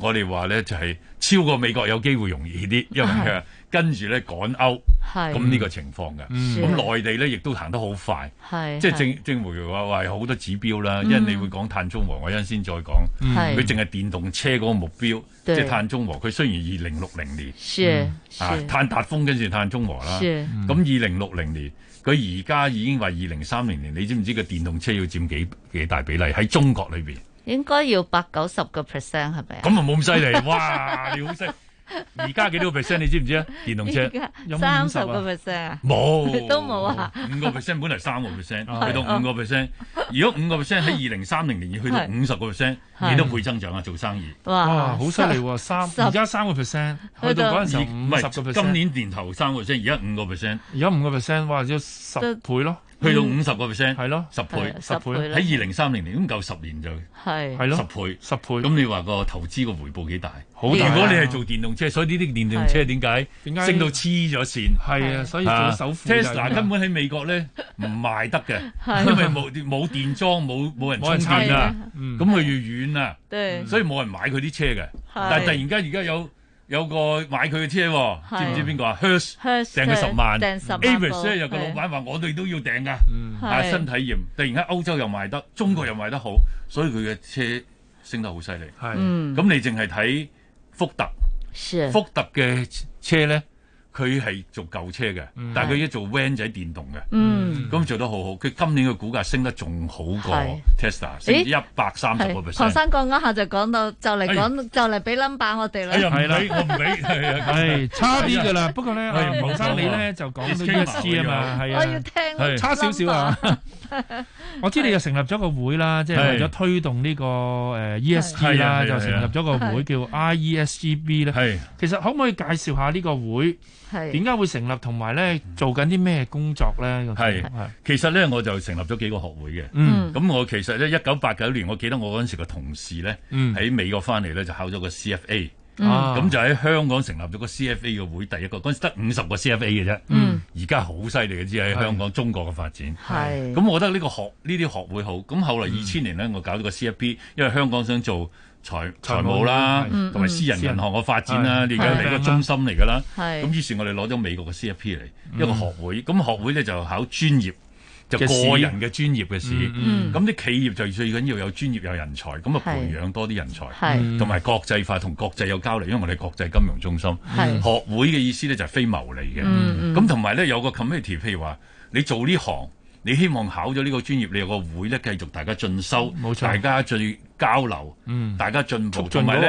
我哋話咧就係超過美國有機會容易啲，因為佢跟住咧趕歐，咁呢、這個情況嘅。咁內地咧亦都行得好快，即係正正如話話好多指標啦。嗯、因為你會講碳中和，我一陣先再講，佢淨係電動車嗰個目標，即係碳中和。佢雖然二零六零年，碳達、嗯啊、峰跟住碳中和啦。咁二零六零年，佢而家已經話二零三零年，你知唔知個電動車要佔幾，幾大比例喺中國裏面？應該要八九十個 percent 係咪啊？咁啊冇咁犀利，哇！你好識，而家幾多個 percent 你知唔知啊？電動車三十個 percent，冇都冇啊！五、啊、個 percent 本嚟三個 percent， [LAUGHS] 去到五個 percent。 [LAUGHS] 如果五個 percent 喺二零三零年要去到五十個 percent，你 [LAUGHS] 都唔會增長啊！做生意哇，好犀利喎！三而家三個 percent，去到嗰陣時五十個 percent。今年年頭三個 percent，而家五個 percent，而家五個 percent，哇！要十倍咯～去到五十個 percent，係咯，十倍十倍，喺二零三零年咁夠十年就係，係咯十倍十倍，咁你話個投資個回報幾大？好大！如果你係做電動車，所以呢啲電動車點解點解升到黐咗線？係啊，所以做首富、啊。Tesla [LAUGHS] 根本喺美國咧唔賣得嘅，因為冇冇電樁，冇冇人充電啊，咁佢、嗯、越遠啊、嗯，所以冇人買佢啲車嘅。但係突然間而家有。有個買佢嘅車，哦，知唔知邊個啊？Hers、Hers 訂佢十萬，Avis 咧有個老闆話我哋都要訂㗎，啊，係，嗯啊、新體驗。突然間歐洲又賣得，中國又賣得好，嗯，所以佢嘅車升得好犀利。係，咁你淨係睇福特，福特嘅車咧，佢係做舊車嘅，但係佢而家做 van 仔係電動嘅，咁、嗯嗯、做得好好。佢今年嘅股價升得仲好過 Tesla，升、欸、一百三十個 percent。龐生講嗰下就講到就嚟講就嚟俾 number 我哋啦，係我唔俾係係差啲嘅啦。不過咧，龐、啊、生你咧就講到 E S G 啊嘛，我要聽啊，差少少啊。 [LAUGHS] 是 [LAUGHS] 是 [LAUGHS] 我知你又成立咗個會啦，即係為咗推動呢個誒 E S G 啦，就成立咗個會叫 I E S G B 咧。係，其實可唔可以介紹下呢個會？點解會成立同埋咧做緊啲咩工作咧？係，其實咧我就成立咗幾個學會嘅。嗯，咁我其實咧一九八九年，我記得我嗰陣時個同事咧，喺、嗯、美國翻嚟，咧就考咗個 CFA。啊，咁就喺香港成立咗個 CFA 嘅會，第一個嗰陣時得五十個 CFA 嘅啫。嗯，而家好犀利嘅，只係喺香港中國嘅發展。係，咁我覺得呢個學呢啲學會好。咁後嚟二千年咧、嗯，我搞咗個 CFP，因為香港想做。財財務啦，同、嗯、埋私人銀行嘅發展啦，嗯嗯、你而家係個中心嚟㗎啦。咁於是，我哋攞咗美國嘅 CFP 嚟、嗯、一個學會。咁學會咧就考專業，就個人嘅專業嘅事。咁啲、嗯嗯、企業就最緊要有專業有人才，咁啊培養多啲人才，同埋、嗯、國際化同國際有交流，因為我哋國際金融中心。嗯、學會嘅意思咧就係非牟利嘅。咁同埋咧有，呢有個 committee，譬如話你做呢行。你希望考咗呢個專業，你、這、有個會咧，繼續大家進修錯，大家進交流，嗯、大家進步，同埋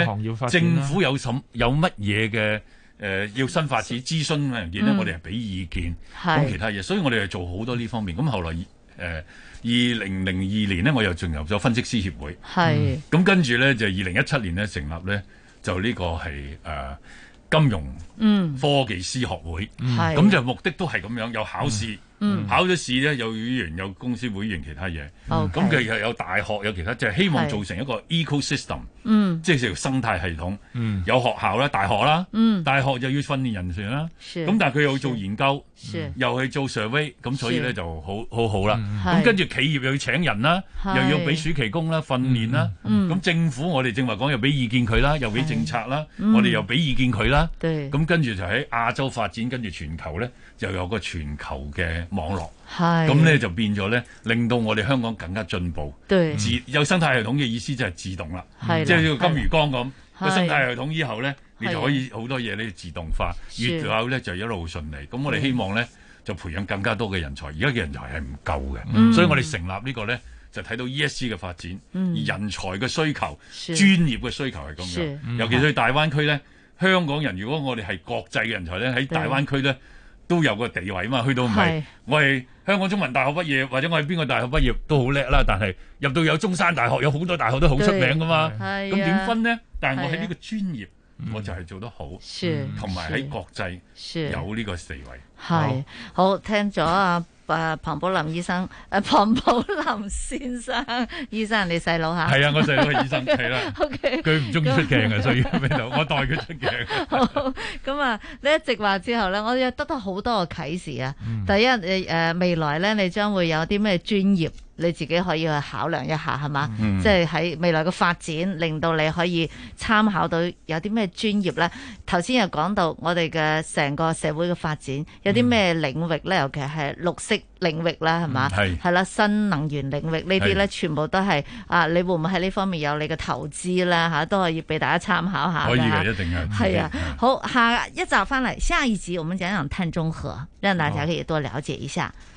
政府有，有什有乜嘢嘅誒要新發展諮詢嘅文嘢咧，我哋係俾意見，咁其他嘢，所以我哋係做好多呢方面。咁後來誒二零零二年呢，我又進入咗分析師協會，咁、嗯嗯、跟住咧就二零一七年咧成立咧，就呢個係誒、呃、金融科技師學會，咁、嗯嗯、就目的都係咁樣有考試。嗯嗯、考咗試咧，有語員，有公司會員，其他嘢。咁佢係有大學，有其他，即、就、係、是、希望做成一個 ecosystem，嗯，即係條生態系統。嗯，有學校啦，大學啦，嗯，大學要訓練又要訓練人算啦，咁但係佢又做研究，嗯、又去做 survey，咁所以咧就好好好啦。咁、嗯、跟住企業又要請人啦，又要俾暑期工啦，訓練啦。咁、嗯嗯、政府我哋正話講又俾意見佢啦，又俾政策啦，嗯、我哋又俾意見佢啦。咁跟住就喺亞洲發展，跟住全球咧。又有個全球嘅網絡，咁咧就變咗咧，令到我哋香港更加進步。對自有生態系統嘅意思就係自動啦，即係、就是、金魚缸咁個生態系統。以後咧，你就可以好多嘢咧自動化，越後咧就一路順利。咁我哋希望咧就培養更加多嘅人才。而家嘅人才係唔夠嘅、嗯，所以我哋成立個呢個咧就睇到 ESG 嘅發展，嗯、人才嘅需求、專業嘅需求係咁嘅。尤其是大灣區咧，香港人如果我哋係國際嘅人才咧，喺大灣區咧。都有個地位嘛，去到唔係我係香港中文大學畢業，或者我係邊個大學畢業都好叻啦。但係入到有中山大學，有好多大學都好出名噶嘛。咁點、啊、分呢？但係我喺呢個專業，啊、我就係做得好，同埋喺國際有呢個地位。係，好，好聽咗啊！ [LAUGHS] 啊，龐寶林醫生，誒、啊，龐寶林先生，醫生，你細佬吓？係啊，我細佬係醫生，係 [LAUGHS] 啦、okay, okay。O K，佢唔中意出鏡啊，所以喺度，我代佢出鏡。 [LAUGHS] 好，咁啊，你一直話之後咧，我又得到好多嘅啟示啊、嗯。第一，誒誒，未來咧，你將會有啲咩專業？你自己可以去考量一下，係嘛、嗯？即係喺未來嘅發展，令到你可以參考到有啲咩專業咧。頭先又講到我哋嘅成個社會嘅發展，有啲咩領域咧、嗯？尤其係綠色領域啦，係嘛？係、嗯、係啦，新能源領域呢啲咧，全部都係啊！你會唔會喺呢方面有你嘅投資咧？嚇，都可以俾大家參考下。可以，一定係。係啊，嗯、，好下一集翻嚟，下一集我們講講碳中和，讓大家可以多了解一下。哦。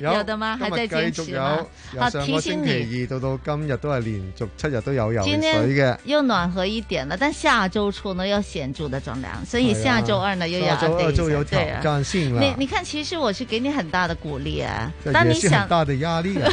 有，有的嗎？還在堅持嗎？啊，上個星期二到到今日都係連續七日都有游水嘅。今天又暖和一點了，但下周初呢要顯著的轉涼，所以下周二呢、啊、又要 update 一下。下周下周有挑戰性了、你你看，其實我是給你很大的鼓勵啊。你想也是大的壓力、啊、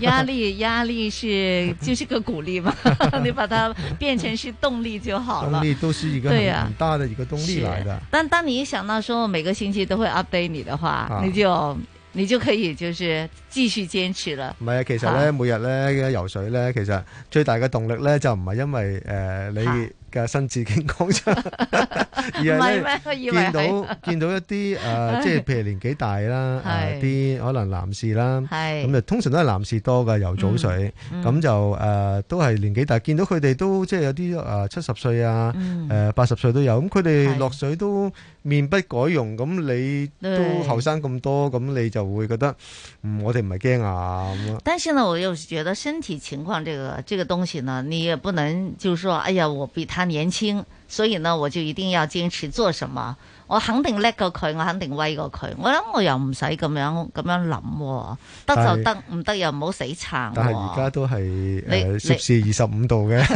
壓力壓力是就是個鼓勵嘛， [LAUGHS] [LAUGHS] 你把它變成是動力就好了。動力都是一個很大的一個東西來的、啊。但當你一想到說每個星期都會 update 你的話，啊、你就。你就可以就是繼續堅持啦。唔係啊，其實咧，每日咧游水咧，其實最大嘅動力咧，就唔係因為誒你嘅身子健康啫。唔係咩？而係見到見到一啲誒，即係譬如年紀大啦，啲可能男士啦，咁就通常都係男士多噶。游早水，咁就誒都係年紀大，見到佢哋都即係有啲誒七十歲啊，誒八十歲都有，咁佢哋落水都。面不改容，咁你都後生咁多，咁你就會覺得，嗯，我哋唔係驚啊咁。但是呢，我又覺得身體情況，這個這個東西呢，你也不能，就是說，哎呀，我比他年輕，所以呢，我就一定要堅持做什麼。我肯定叻過佢，我肯定威過佢。我諗，我又唔使咁樣咁樣諗、哦，得就得，唔得又唔好死撐、哦。但係而家都係誒攝氏二十五度嘅 [LAUGHS]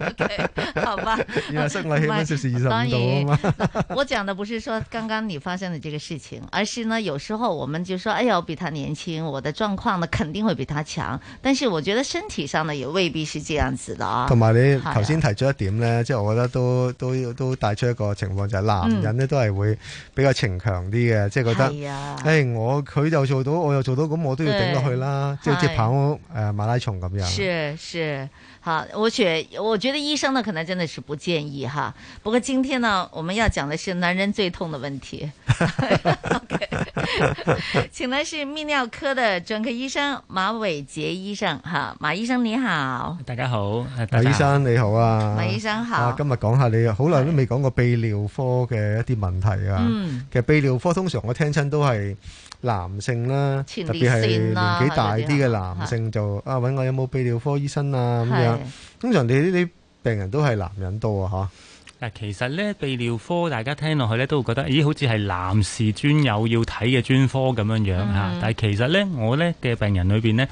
Okay, [LAUGHS] 好吧。因為室外氣溫攝氏二十五度啊嘛。當然 [LAUGHS] 我講嘅，唔係說剛剛你發生嘅這個事情，而是呢有時候我們就說，哎呀，我比他年輕，我的狀況呢肯定會比他強。但是我覺得身體上呢也未必是這樣子啦。同埋你頭先提出一點呢、啊，即係我覺得都都都帶出一個情況就係、是、男人。嗯咧都係會比較逞強啲嘅，即係覺得，誒、啊哎，我佢就做到，我又做到，咁我都要頂落去啦，即係好似跑誒馬拉松咁樣。是是，好，我覺我覺得醫生呢可能真的是不建議哈。不過今天呢，我們要講的是男人最痛的問題。OK， [LAUGHS] [LAUGHS] [LAUGHS] [LAUGHS] 請來是泌尿科的專科醫生馬偉杰醫生，哈，馬醫生你好，大家好，馬醫生你好啊，馬醫生好，啊、今日講下你，好耐都未講過泌尿科嘅。一啲問題啊，其實泌尿科通常我聽親都係男性啦，特別係年紀大啲嘅男性就啊揾我有冇泌尿科醫生啊咁樣。通常你呢啲病人都係男人多啊，吓？誒，其實咧泌尿科大家聽落去咧都會覺得咦，好似係男士專有要睇嘅專科咁樣樣吓。但係其實咧我咧嘅病人裏邊咧，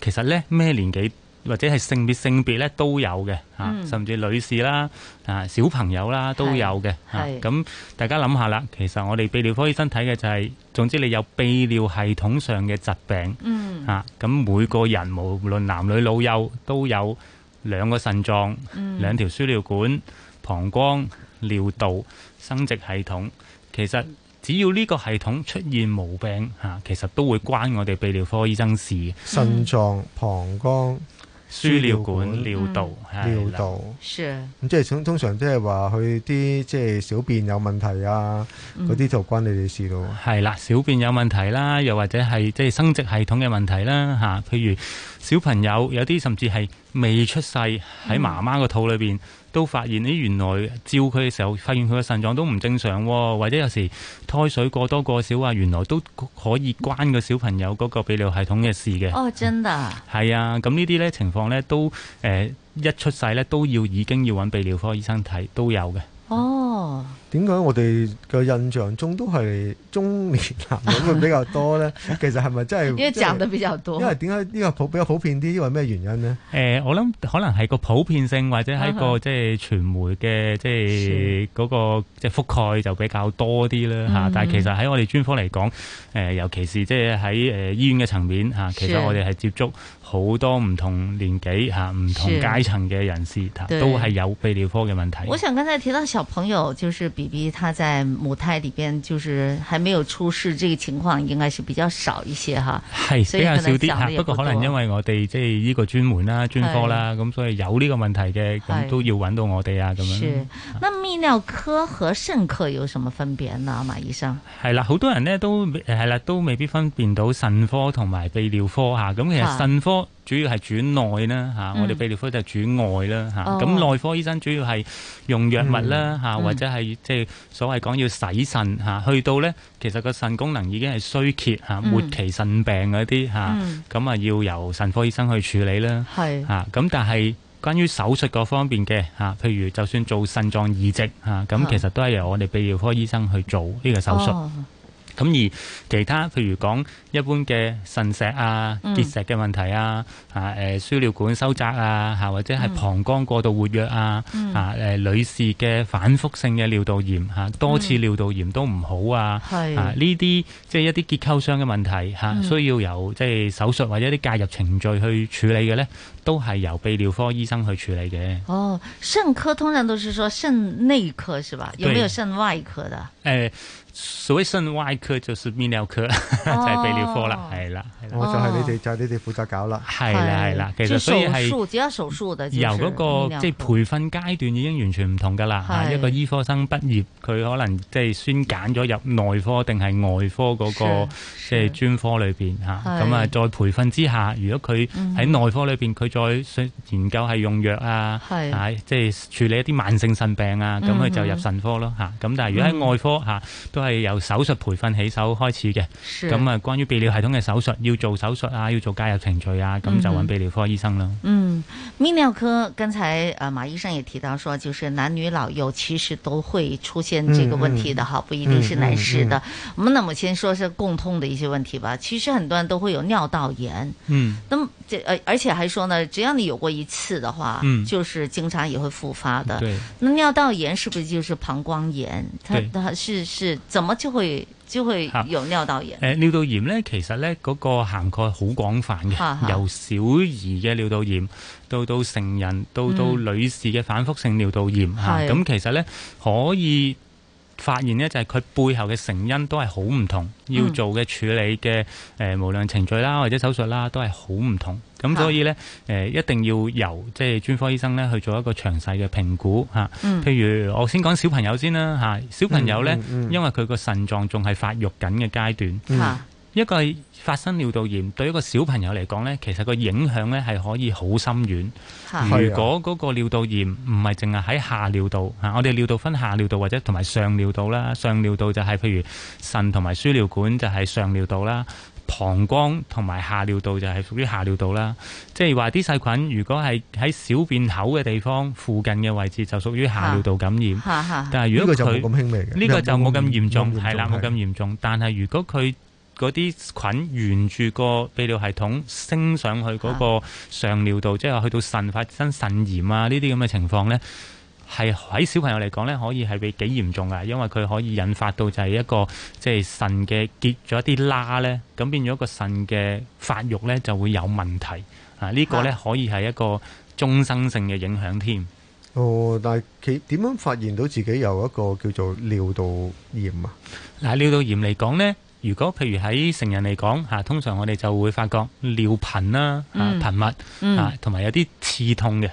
其實咧咩年紀？或者係性別性別咧都有嘅嚇、嗯，甚至女士啦啊小朋友啦都有嘅。係咁、啊、大家諗下啦，其實我哋泌尿科醫生睇嘅就係、是，總之你有泌尿系統上嘅疾病。嗯。嚇、啊、咁每個人無論男女老幼都有兩個腎臟、嗯、兩條輸尿管、膀胱、尿道、生殖系統。其實只要呢個系統出現毛病嚇、啊，其實都會關我哋泌尿科醫生事。腎臟、膀胱。輸尿管、尿道、尿道吓，咁即係通通常即係話佢啲即係小便有問題啊，嗰啲，嗯、就關你哋事咯。係啦，小便有問題啦，又或者係即係生殖系統嘅問題啦，吓、啊，譬如小朋友有啲甚至係未出世喺媽媽個肚裏邊。嗯都發現啲原來照佢嘅時候，發現佢嘅腎臟都唔正常，或者有時胎水過多過少啊。原來都可以關個小朋友嗰個泌尿系統嘅事嘅。哦，真㗎。係、嗯、啊，咁呢啲咧情況咧都誒、呃、一出世咧都要已經要揾泌尿科醫生睇，都有嘅、嗯。哦。點解我哋嘅印象中都係中年男人會比較多咧？ [LAUGHS] 其實係咪真係 [LAUGHS] 因為講得比較多？因為點解呢個普比較普遍啲？因為咩原因呢？誒、呃，我諗可能係個普遍性或者喺個、啊嗯、即係傳媒嘅即係嗰、那個即係覆蓋就比較多啲啦吓。但係其實喺我哋專科嚟講，誒，尤其是即係喺誒醫院嘅層面吓，其實我哋係接觸好多唔同年紀吓、唔同階層嘅人士，是都係有泌尿科嘅問題。我想剛才提到小朋友，就是比他在母胎裏邊，就是還沒有出世，這個情況應該是比較少一些哈。係比較少啲，不過可，可能因為我哋即係呢個專門啦、專科啦，咁所以有呢個問題嘅，咁都要揾到我哋啊，咁樣。是樣，那泌尿科和腎科有什麼分別呢？馬醫生？係啦，好多人呢都係啦，都未必分辨到腎科同埋泌尿科吓，咁、啊、其實腎科。主要係轉內啦嚇，我哋泌尿科就係轉外啦嚇。咁內科醫生主要係用藥物啦嚇，或者係即係所謂講要洗腎嚇，去到咧其實個腎功能已經係衰竭嚇，末期腎病嗰啲嚇，咁啊要由腎科醫生去處理啦嚇。咁但係關於手術嗰方面嘅嚇，譬如就算做腎臟移植嚇，咁其實都係由我哋泌尿科醫生去做呢個手術。咁而其他譬如講一般嘅腎石啊、結石嘅問題啊、嚇誒輸尿管收窄啊、嚇或者係膀胱過度活躍啊、嚇誒女士嘅反覆性嘅尿道炎嚇，多次尿道炎都唔好啊。係、嗯、啊，呢啲即係一啲結構上嘅問題嚇，需要由即係手術或者啲介入程序去處理嘅咧，都係由泌尿科醫生去處理嘅。哦，腎科通常都是說腎內科是吧？有沒有腎外科的？誒、呃。所以腎外科就是泌尿科，哦、 [LAUGHS] 就係泌尿科啦，係、哦、啦，係啦，我就係你哋就係你哋負責搞啦，係啦係啦，其實所以係由嗰、那個即係培訓階段已經完全唔同噶啦，一個醫科生畢業，佢可能即係先揀咗入內科定係外科嗰、那個即係專科裏邊吓，咁啊再培訓之下，如果佢喺內科裏邊，佢、嗯、再研究係用藥啊，係、啊、即係處理一啲慢性腎病啊，咁、嗯、佢就入腎科咯吓，咁、嗯、但係如果喺外科吓、嗯啊都係由手術培訓起手開始嘅，咁啊、嗯、關於泌尿系統嘅手術要做手術啊，要做介入程序啊，咁就揾泌尿科醫生咯。嗯，泌尿科剛才啊馬醫生也提到說，就是男女老幼其實都會出現這個問題的哈、嗯嗯，不一定是男士的、嗯嗯嗯。我們那麼先說是共通的一些問題吧。其實很多人都會有尿道炎。嗯，咁，而、呃、而且還說呢，只要你有過一次的話，嗯，就是經常也會復發的。對，那尿道炎是不是就是膀胱炎？它它是是。怎麼就會就會有尿道炎？誒、啊呃，尿道炎咧，其實咧嗰、那個涵蓋好廣泛嘅、啊啊，由小兒嘅尿道炎到到成人，嗯、到到女士嘅反覆性尿道炎吓，咁、啊嗯、其實咧可以。發現呢，就係佢背後嘅成因都係好唔同，要做嘅處理嘅誒，無論程序啦或者手術啦，都係好唔同。咁所以呢，誒，一定要由即係專科醫生呢去做一個詳細嘅評估嚇。譬如我先講小朋友先啦嚇，小朋友呢，因為佢個腎臟仲係發育緊嘅階段嚇。嗯嗯。一個係發生尿道炎，對一個小朋友嚟講咧，其實個影響咧係可以好深遠。如果嗰個尿道炎唔係淨係喺下尿道。嚇，我哋尿道分下尿道或者同埋上尿道啦。上尿道就係譬如腎同埋輸尿管就係上尿道啦。膀胱同埋下尿道就係屬於下尿道啦。即係話啲細菌如果係喺小便口嘅地方附近嘅位置，就屬於下尿道感染。但係如果佢呢個就冇咁輕微嘅，呢個就冇咁嚴重。係啦，冇咁嚴重。但係如果佢嗰啲菌沿住個泌尿系統升上去嗰個上尿道，啊、即係去到腎發生腎炎啊！呢啲咁嘅情況呢，係喺小朋友嚟講呢，可以係幾嚴重嘅，因為佢可以引發到就係一個即係、就係、腎嘅結咗一啲疤呢，咁變咗個腎嘅發育呢就會有問題啊！呢、呢個呢，可以係一個終生性嘅影響添。哦、啊，但係佢點樣發現到自己有一個叫做尿道炎啊？嗱，尿道炎嚟講呢。如果譬如喺成人嚟講嚇，通常我哋就會發覺尿頻啦嚇、頻密嚇，同埋有啲刺痛嘅，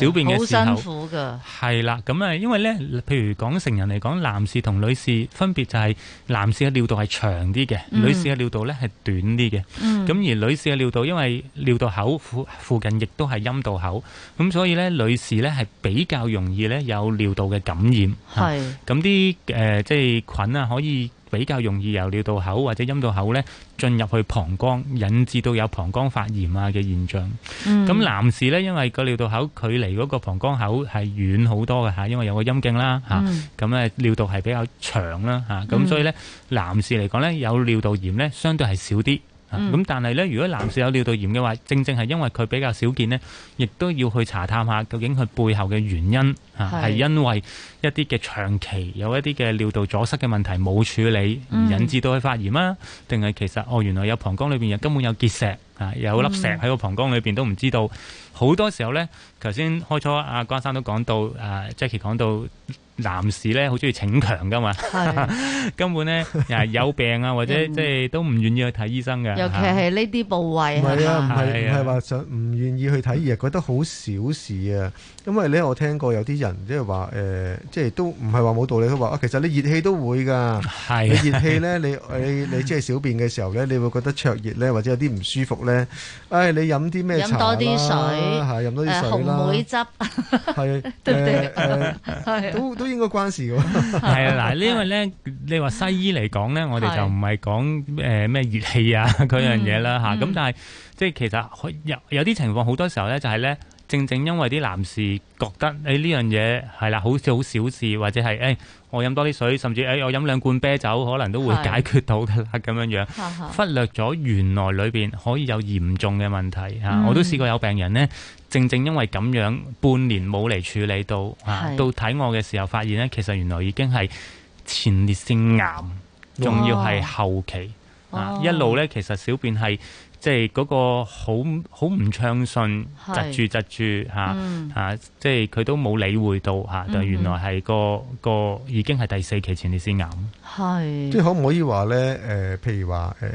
小便嘅時候好辛苦噶。係啦，咁啊，因為咧，譬如講成人嚟講，男士同女士分別就係男士嘅尿道係長啲嘅，女士嘅尿道咧係短啲嘅。咁而女士嘅尿道，因為尿道口附近亦都係陰道口，咁所以咧，女士咧係比較容易咧有尿道嘅感染。係咁啲誒，即係菌啊，可以。比較容易由尿道口或者陰道口咧進入去膀胱，引致到有膀胱發炎啊嘅現象。咁、嗯、男士咧，因為個尿道口距離嗰個膀胱口係遠好多嘅吓，因為有個陰莖啦吓，咁、啊、咧、嗯、尿道係比較長啦吓，咁、啊、所以咧、嗯、男士嚟講咧有尿道炎咧相對係少啲。咁、嗯、但係咧，如果男士有尿道炎嘅話，正正係因為佢比較少見呢，亦都要去查探下究竟佢背後嘅原因係、啊、因為一啲嘅長期有一啲嘅尿道阻塞嘅問題冇處理引致到佢發炎啦，定、嗯、係其實哦原來有膀胱裏面，根本有結石啊，有粒石喺個膀胱裏面都唔知道。好、嗯、多時候呢，頭先開初阿、啊、關生都講到，Jackie 講到。啊男士咧好鍾意逞強㗎嘛， [LAUGHS] 根本咧又係有病啊，或者即係都唔願意去睇醫生嘅， [LAUGHS] 尤其係呢啲部位係 [LAUGHS] 啊，唔係唔係話想唔願意去睇，而係 [LAUGHS] 覺得好小事啊。因為咧，我聽過有啲人即係話誒，即係都唔係話冇道理。佢話啊，其實你熱氣都會噶。係、啊。你熱氣咧，你誒你即係小便嘅時候咧，你會覺得灼熱咧，或者有啲唔舒服咧。誒、哎，你飲啲咩？飲多啲水，係、啊、飲多啲水啦。紅莓汁係誒誒，都都應該關事㗎。係啊，嗱、 [LAUGHS] 啊，因為咧，你話西醫嚟講咧，我哋就唔係講誒咩熱氣啊嗰樣嘢啦嚇。咁、嗯嗯啊、但係即係其實有有啲情況好多時候咧，就係咧。正正因為啲男士覺得誒呢、欸、樣嘢係啦，好似好小事，或者係誒、欸、我飲多啲水，甚至誒、欸、我飲兩罐啤酒，可能都會解決到㗎啦咁樣樣，忽略咗原來裏邊可以有嚴重嘅問題嚇、嗯。我都試過有病人呢，正正因為咁樣半年冇嚟處理到嚇、啊，到睇我嘅時候發現呢，其實原來已經係前列腺癌，仲要係後期、啊、一路呢，其實小便係。即係嗰個好好唔暢順，窒住窒住嚇嚇，即係佢都冇理會到嚇，但、嗯嗯、原來係個個已經係第四期前列腺癌。係是即係可唔可以話咧？誒、呃，譬如話誒、呃，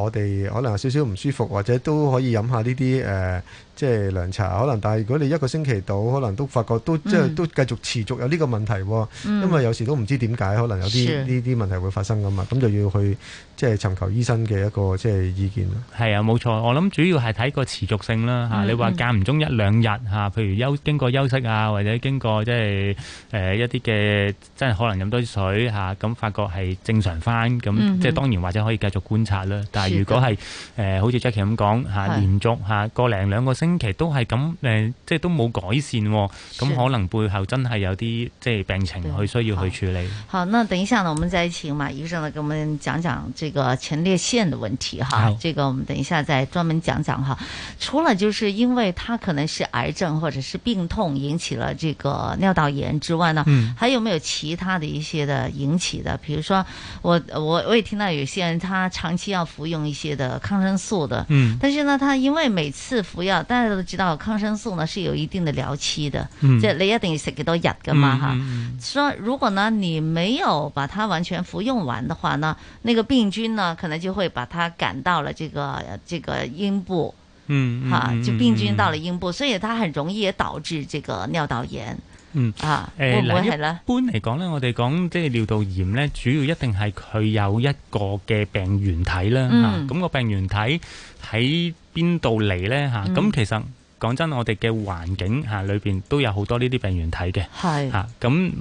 我哋可能有少少唔舒服，或者都可以飲下呢啲誒。呃即係涼茶可能，但係如果你一個星期到，可能都發覺都即係都繼續持續有呢個問題喎。因為有時都唔知點解，可能有啲呢啲問題會發生㗎嘛，咁就要去即係尋求醫生嘅一個即係意見啦。係啊，冇錯。我諗主要係睇個持續性啦嚇。你話間唔中一兩日嚇，譬如休經過休息啊，或者經過即係誒一啲嘅真係可能飲多啲水嚇，咁發覺係正常翻咁，即係當然或者可以繼續觀察啦。但係如果係誒好似 Jackie 咁講嚇，連續嚇個零兩個星，其實都係咁，誒，即係都冇改善，哦，咁，嗯、可能背後真係有啲即係病情去需要去處理好。好，那等一下呢，我們再請馬醫生呢，給我們講講這個前列腺的問題哈。這個我們等一下再專門講講哈。除了就是因為它可能是癌症或者是病痛引起了這個尿道炎之外呢，嗯，還有沒有其他的一些的引起的？嗯、比如說我我我也聽到有些人他長期要服用一些的抗生素的，嗯，但是呢，他因為每次服藥，但大家都知道抗生素呢是有一定的療期的，嗯、即係你一定要食幾多日噶嘛，哈、嗯。說、嗯啊、如果呢你沒有把它完全服用完的話呢，那個病菌呢可能就會把它趕到了這個這個陰部，嗯，哈、嗯啊，就病菌到了陰部、嗯，所以它很容易也導致這個尿道炎。嗯啊，誒、嗱、呃，一般嚟講呢，我哋講即係尿道炎呢，主要一定係佢有一個嘅病原體啦，咁、嗯啊那個病原體喺。邊度嚟呢？吓、嗯、咁，其實講真，我哋嘅環境吓裏邊都有好多呢啲病原體嘅，吓咁、啊、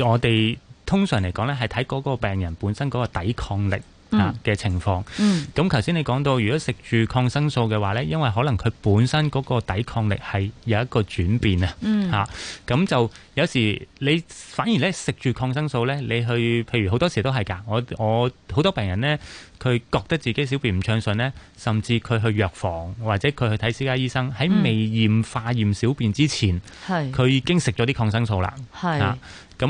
我哋通常嚟講呢係睇嗰個病人本身嗰個抵抗力。啊嘅情況，咁頭先你講到，如果食住抗生素嘅話咧，因為可能佢本身嗰個抵抗力係有一個轉變、嗯、啊，咁就有時你反而咧食住抗生素咧，你去譬如好多時都係㗎，我我好多病人咧，佢覺得自己小便唔暢順咧，甚至佢去藥房或者佢去睇私家醫生，喺未驗化驗小便之前，佢、嗯、已經食咗啲抗生素啦，咁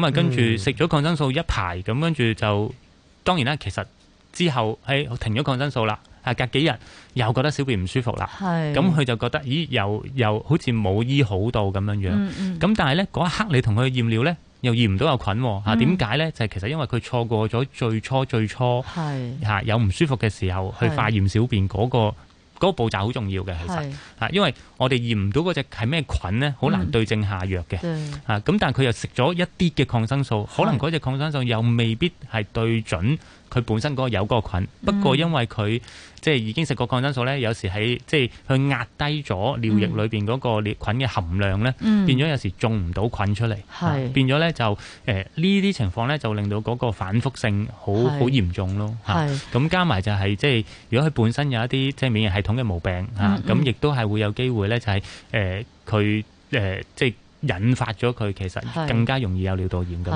啊跟住食咗抗生素一排，咁跟住就當然啦，其實。之後，係、欸、停咗抗生素啦，隔幾日又覺得小便唔舒服啦，咁佢就覺得，咦，又又好似冇醫好到咁樣樣，咁、嗯嗯、但係咧嗰一刻你同佢驗尿咧，又驗唔到有菌、啊，喎、嗯。點解咧？就係、是、其實因為佢錯過咗最初最初有唔舒服嘅時候去化驗小便嗰、那個。嗰、那個步驟好重要嘅，其實嚇，因為我哋驗唔到嗰隻係咩菌呢，好難對症下藥嘅嚇。咁、嗯、但係佢又食咗一啲嘅抗生素，可能嗰隻抗生素又未必係對準佢本身嗰個有個菌。不過因為佢。嗯即係已經食過抗生素咧，有時喺即係去壓低咗尿液裏邊嗰個列菌嘅含量咧、嗯，變咗有時種唔到菌出嚟、嗯，變咗咧就誒呢啲情況咧就令到嗰個反覆性好好嚴重咯嚇。咁加埋就係、是、即係如果佢本身有一啲即係免疫系統嘅毛病嚇，咁亦都係會有機會咧就係誒佢誒即係引發咗佢其實更加容易有尿道炎咁。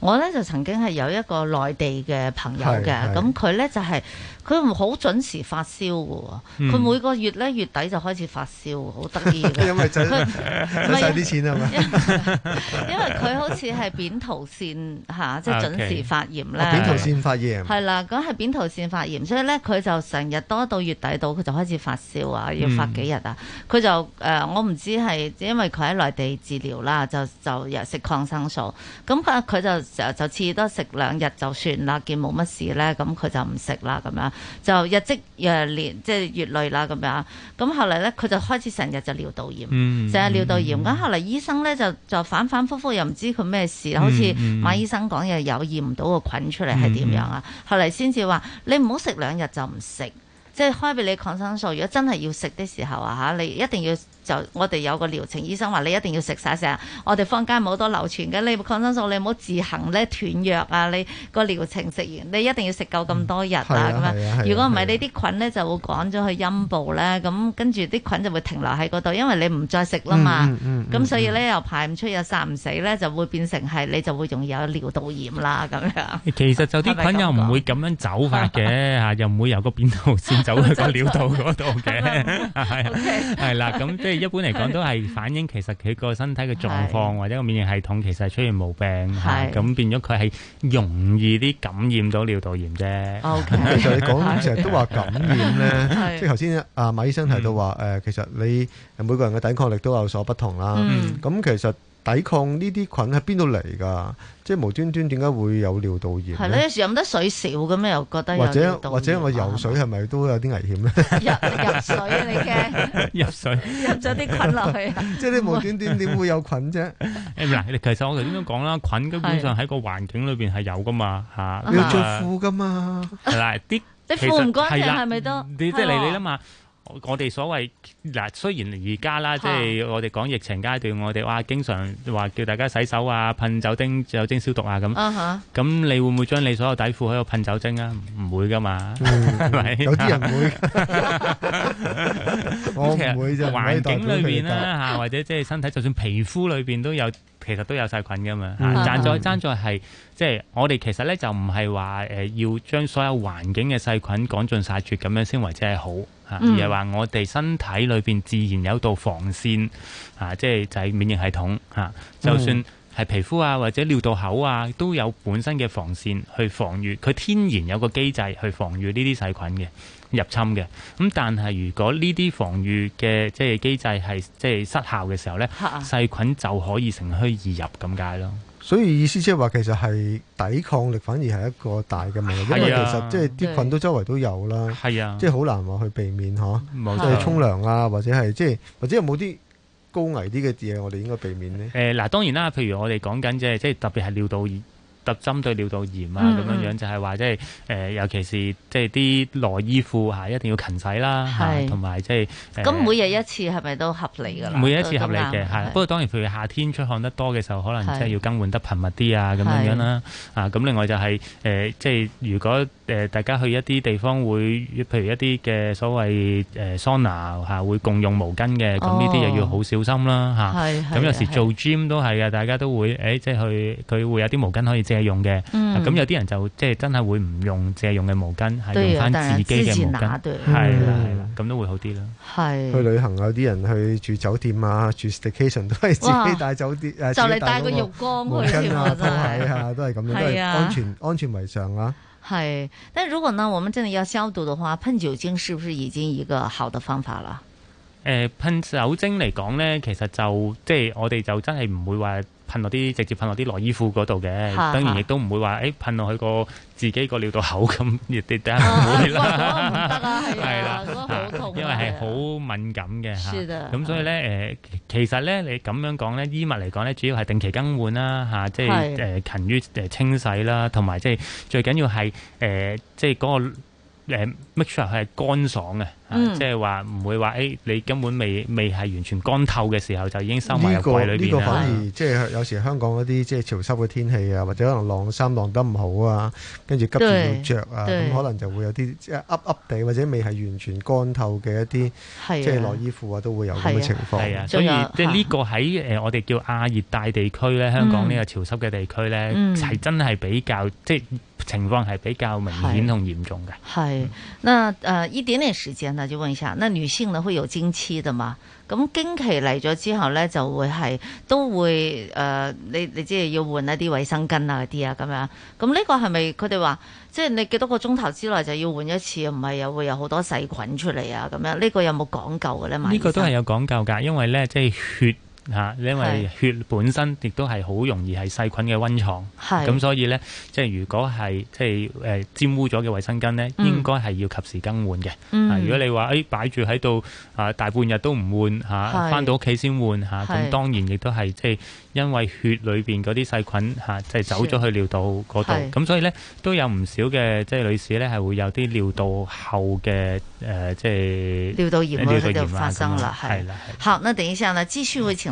我咧就曾經係有一個內地嘅朋友嘅，咁佢咧就係、是。佢唔好準時發燒嘅喎，佢每個月咧月底就開始發燒，好得意嘅。 [LAUGHS] [LAUGHS] 因為使啲錢啊嘛。因為佢好似係扁桃腺嚇，即、啊、係、就是、準時發炎咧 Okay.、啊。扁桃腺發炎。係啦，咁係扁桃腺發炎，所以咧佢就成日多到月底度，佢就開始發燒啊，要發幾日啊。佢就誒、呃，我唔知係因為佢喺內地治療啦，就就又食抗生素。咁佢佢就就就次多食兩日就算啦，見冇乜事咧，咁佢就唔食啦咁樣。就日積月年即係月累啦咁樣，咁後嚟咧佢就開始成日就尿道炎，成日尿道炎。咁後嚟醫生咧就就反反復復又唔知佢咩事，嗯、好似馬醫生講嘢有驗唔到個菌出嚟係點樣啊、嗯？後嚟先至話你唔好食兩日就唔食，即係開俾你抗生素。如果真係要食嘅時候啊吓，你一定要。就我哋有個療程，醫生話你一定要食晒成，我哋坊間冇多流傳嘅，你抗生素你唔好自行咧斷藥啊！你個療程食完，你一定要食夠咁多日啊咁樣。嗯、如果唔係，你啲菌咧就會趕咗去陰部咧，咁跟住啲菌就會停留喺嗰度，因為你唔再食啦嘛。咁、嗯嗯嗯、所以咧又排唔出，又殺唔死咧，就會變成係你就會容易有尿道炎啦咁樣。其實就啲菌又唔會咁樣走法嘅嚇，是是又唔會由個扁桃腺走去個尿道嗰度嘅。係啊 [LAUGHS] [LAUGHS] Okay.，啦、嗯，咁。即係一般嚟講都係反映，其實佢個身體嘅狀況或者個免疫系統其實係出現毛病，咁是變咗佢係容易啲感染到尿道炎啫。Okay. [LAUGHS] 其實你講成日都話感染咧， [LAUGHS] 是即係頭先阿馬醫生提到話，誒、嗯，其實你每個人嘅抵抗力都有所不同啦。咁、嗯、其實。抵抗呢啲菌喺邊度嚟噶？即係無端端點解會有尿道炎？係咯，有時飲得水少咁樣又覺得有尿道炎。或者或者我游水係咪都有啲危險咧？入入水你驚？入水、啊、你 [LAUGHS] 入咗水啲 [LAUGHS] [LAUGHS] 菌落去、啊、即係你無端端點會有菌啫？嗱，你其實我頭先都講啦，菌基本上喺個環境裏邊係有噶嘛吓，要做褲噶嘛係啲。你褲唔乾淨係咪都？你、嗯、即係嚟你啦嘛？我我哋所謂，嗱，雖然而家啦，即係我哋講疫情階段，我哋哇，經常話叫大家洗手啊，噴酒精、酒精消毒啊咁。啊哈！咁你會唔會將你所有底褲喺度噴酒精啊？唔會噶嘛，係咪？有啲人會，我其實環境裏邊啦吓，或者即係身體，就算皮膚裏邊都有，其實都有細菌噶嘛。爭在爭在係，即係我哋其實咧就唔係話誒要將所有環境嘅細菌趕盡殺絕咁樣先為，即係好。又係話我哋身體裏邊自然有一道防線，啊，即係就係、是、免疫系統嚇。就算係皮膚啊，或者尿道口啊，都有本身嘅防線去防禦。佢天然有個機制去防禦呢啲細菌嘅入侵嘅。咁但係如果呢啲防禦嘅即係機制係即係失效嘅時候咧，細菌就可以乘虛而入咁解咯。所以意思即係話，其實係抵抗力反而係一個大嘅問題，啊、因為其實即係啲菌都周圍都有啦，即係好難話去避免吓。即係沖涼啊，或者係即係，或者有冇啲高危啲嘅嘢，我哋應該避免呢？誒，嗱，當然啦，譬如我哋講緊即係，即係特別係尿道特針對尿道炎啊，咁樣樣，就係話即係誒，尤其是即係啲內衣褲嚇一定要勤洗啦，同埋即係咁每日一次係咪都合理㗎啦？每一次合理嘅，係不過當然佢夏天出汗得多嘅時候，可能即係要更換得頻密啲啊，咁樣樣啦。啊，咁、啊、另外就係、是、誒，即、呃、係、就係呃、如果。誒，大家去一啲地方會，譬如一啲嘅所謂誒桑拿吓，會共用毛巾嘅，咁呢啲又要好小心啦吓。咁有時做 gym 都係嘅，大家都會誒，即係去佢會有啲毛巾可以借用嘅。咁有啲人就即係真係會唔用借用嘅毛巾，係用翻自己嘅毛巾。係啦係啦，咁都會好啲啦。係，去旅行有啲人去住酒店啊，住 staycation 都係自己帶酒店誒，就你帶個浴缸去添啊，都係吓，都係咁樣，都係安全安全為上啊。係，但如果呢，我們真係要消毒的話，噴酒精係唔係已經一個好的方法啦？呃，噴酒精嚟講呢，其實就即係我哋就真係唔會話。噴落啲直接噴落啲內衣褲嗰度嘅，當然亦都唔會話誒噴落去個自己個尿道口咁，亦都第一唔會啦。係啦，因為係好敏感嘅嚇。咁所以咧誒，其實咧你咁樣講咧，衣物嚟講咧，主要係定期更換啦嚇，即係誒勤於誒清洗啦，同埋即係最緊要係誒即係嗰個 make sure 係乾爽嘅。即係話唔會話誒、欸、你根本未未係完全乾透嘅時候就已經收埋入櫃裏邊，呢個呢個反而，嗯、即係有時香港啲即係潮濕嘅天氣啊，或者可能晾衫晾得唔好啊，跟住急住要著啊，咁可能就會有啲即係噏噏地，或者未係完全乾透嘅一啲，即係內衣褲啊都會有咁嘅情況，係啊，所以即係呢個喺誒我哋叫亞熱帶地區咧、嗯，香港呢個潮濕嘅地區咧，係真係比較即係情況係比較明顯同嚴重嘅。係。那誒一點點時間就問一下，那女性咧會有經期嘅嘛？咁經期嚟咗之後咧，就會係都會誒、呃，你你即係要換一啲衛生巾啊啲啊咁樣。咁、這、呢個係咪佢哋話，即係你幾多個鐘頭之內就要換一次，唔係又會有好多細菌出嚟啊？咁樣呢、這個有冇講究嘅咧？呢個都係有講究噶、這個，因為咧即係血。嚇，因為血本身亦都係好容易係細菌嘅溫牀，咁所以咧，即係如果係即係誒沾污咗嘅衛生巾咧、嗯，應該係要及時更換嘅。嗯，如果你話誒擺住喺度啊，大半日都唔換嚇，翻到屋企先換嚇，咁當然亦都係即係因為血裏邊嗰啲細菌嚇，即係走咗去尿道嗰度，咁所以咧都有唔少嘅即係女士咧係會有啲尿道後嘅誒即係尿道炎尿喺度、啊、發生啦。係，好，那等一下啦，繼續會請，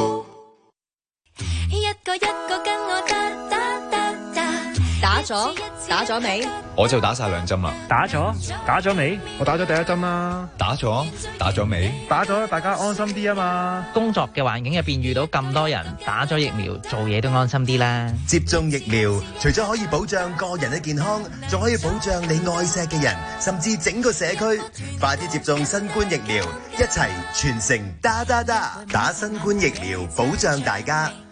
一個一個跟我打打打打，打咗打咗未？我就打晒兩針啦，打咗打咗未？我打咗第一針啦，打咗打咗未？打咗，大家安心啲啊嘛！工作嘅環境入邊遇到咁多人打咗疫苗，做嘢都安心啲啦。接種疫苗，除咗可以保障個人嘅健康，仲可以保障你愛錫嘅人，甚至整個社區。快啲接種新冠疫苗，一齊全城打打打打，打新冠疫苗，保障大家。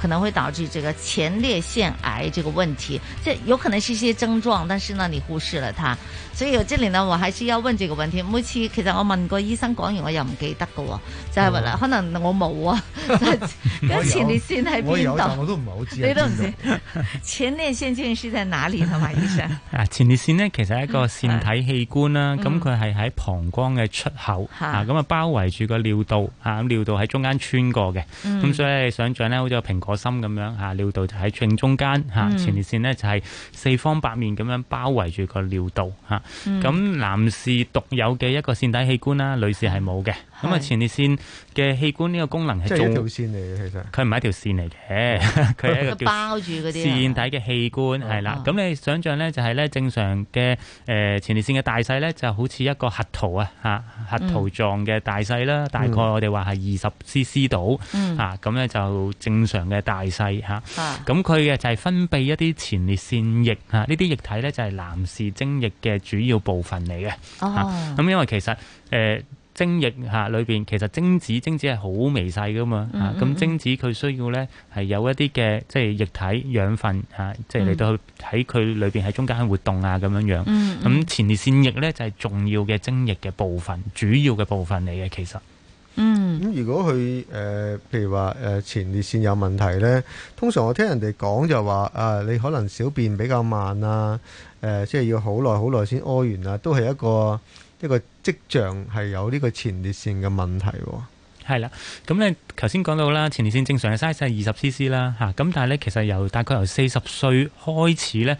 可能會導致這個前列腺癌這個問題，這有可能是一些症狀，但是呢你忽視了它，所以這裏呢我還是要問這個問題。每次其實我問過醫生講完我又唔記得噶，就係、哦、可能我冇啊。個 [LAUGHS] 前列腺喺邊度？我都唔係好知道道。你都唔知前列腺腺是在哪裏？同 [LAUGHS] 埋 [LAUGHS] 醫生？啊，前列腺呢其實係一個腺體器官啦，咁佢係喺膀胱嘅出口，咁、嗯、啊包圍住個尿道，咁、啊、尿道喺中間穿過嘅，咁、嗯嗯、所以想象咧好似個蘋果。個心咁樣吓，尿道就喺正中間吓、嗯，前列腺咧就係四方八面咁樣包圍住個尿道吓，咁、嗯、男士獨有嘅一個腺體器官啦，女士係冇嘅。咁啊，前列腺嘅器官呢個功能係，即係一條線嚟嘅。其實佢唔係一條線嚟嘅，佢 [LAUGHS] 係一個包住嗰啲腺體嘅器官，係啦。咁、哦、你想象咧，就係咧正常嘅誒前列腺嘅大細咧，就好似一個核桃啊，吓核桃狀嘅大細啦、嗯，大概我哋話係二十 c c 度，吓咁咧就正常嘅大細吓。咁佢嘅就係分泌一啲前列腺液啊，呢啲液體咧就係男士精液嘅主要部分嚟嘅。咁、哦、因為其實誒。呃精液嚇，裏邊其實精子，精子係好微細噶嘛。咁、嗯嗯啊，精子佢需要呢係有一啲嘅即係液體養分嚇、啊，即係嚟到去喺佢裏邊喺中間活動嗯嗯啊，咁樣樣。咁前列腺液呢就係、是、重要嘅精液嘅部分，主要嘅部分嚟嘅其實。嗯。咁如果佢誒、呃、譬如話誒、呃、前列腺有問題呢，通常我聽人哋講就話啊、呃，你可能小便比較慢啊，誒、呃、即係要好耐好耐先屙完啊，都係一個。一個跡象係有呢個前列腺嘅問題喎、哦。係啦，咁咧頭先講到啦，前列腺正常嘅 size 係二十 c.c. 啦，嚇，咁但係咧其實由大概由四十歲開始咧。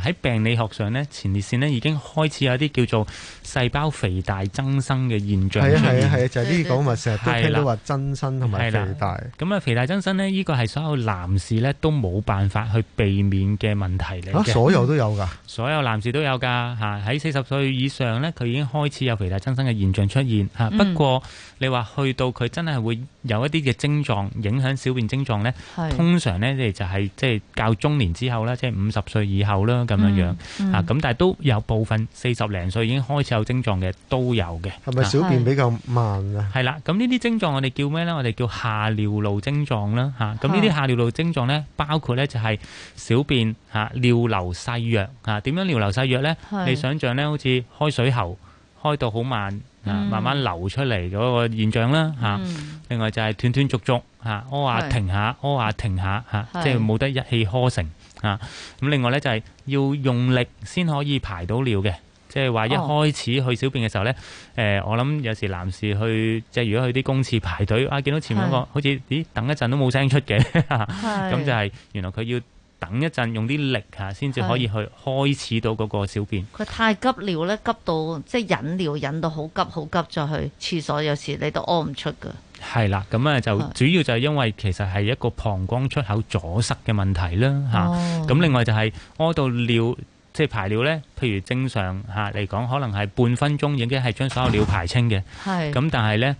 喺病理學上咧，前列腺咧已經開始有啲叫做細胞肥大增生嘅現象出現。係啊係啊係啊，就係呢講，話成日都聽話增生同埋肥大。咁啊，肥大增生咧，呢個係所有男士咧都冇辦法去避免嘅問題嚟嘅。所有都有噶？所有男士都有噶吓。喺四十歲以上咧，佢已經開始有肥大增生嘅現象出現吓。不過你話去到佢真係會有一啲嘅症狀影響小便症狀咧，通常咧你就係即係較中年之後啦，即係五十歲以後啦。咁樣樣啊，咁但係都有部分四十零歲已經開始有症狀嘅，都有嘅。係咪小便比較慢啊？係啦，咁呢啲症狀我哋叫咩咧？我哋叫下尿路症狀啦，吓咁呢啲下尿路症狀咧，包括咧就係小便吓尿流細弱吓，點樣尿流細弱咧？你想象咧，好似開水喉開到好慢啊，慢慢流出嚟嗰個現象啦，吓另外就係斷斷續續吓，屙下停下，屙下停下吓，即係冇得一氣呵成。啊，咁另外咧就係、是、要用力先可以排到尿嘅，即係話一開始去小便嘅時候咧，誒、哦呃，我諗有時男士去即係如果去啲公廁排隊啊，見到前面一、那個是好似，咦，等一陣都冇聲出嘅，咁 [LAUGHS] 是就係原來佢要等一陣用啲力吓，先至可以去開始到嗰個小便。佢太急尿咧，急到，急到即係忍尿忍到好急好急，再去廁所有時你都屙唔出噶。係啦，咁啊就主要就係因為其實係一個膀胱出口阻塞嘅問題啦嚇。咁、哦、另外就係屙到尿即係排尿咧，譬如正常嚇嚟講，可能係半分鐘已經係將所有尿排清嘅。咁、哦、但係咧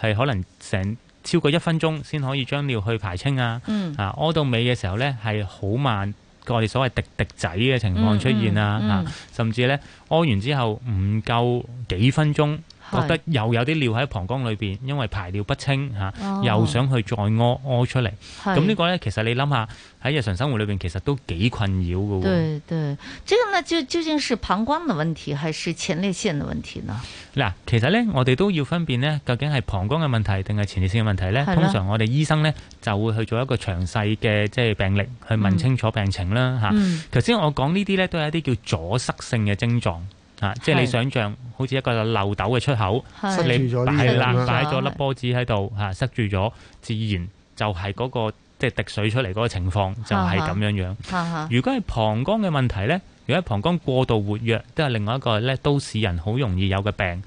係可能成超過一分鐘先可以將尿去排清啊。嚇、嗯、屙到尾嘅時候咧係好慢，我哋所謂滴滴仔嘅情況出現啊嚇、嗯嗯嗯，甚至咧屙完之後唔夠幾分鐘。覺得又有啲尿喺膀胱裏邊，因為排尿不清嚇，又想去再屙屙出嚟。咁、哦、呢、這個呢，其實你諗下喺日常生活裏邊，其實都幾困擾嘅。對對，即、這個呢，就究竟是膀胱嘅問題，還是前列腺嘅問題呢？嗱，其實呢，我哋都要分辨呢，究竟係膀胱嘅問題定係前列腺嘅問題呢，通常我哋醫生呢，就會去做一個詳細嘅即係病歷去問清楚病情啦。嚇、嗯，頭、嗯、先我講呢啲呢，都係一啲叫阻塞性嘅症狀。啊！即係你想象好似一個漏斗嘅出口，係你擺啦擺咗粒波子喺度嚇，塞住咗，自然就係嗰、嗰個即係、就係嗰個就係、滴水出嚟嗰個情況就係咁樣樣。如果係膀胱嘅問題咧，如果膀胱過度活躍，都係另外一個咧，都市人好容易有嘅病。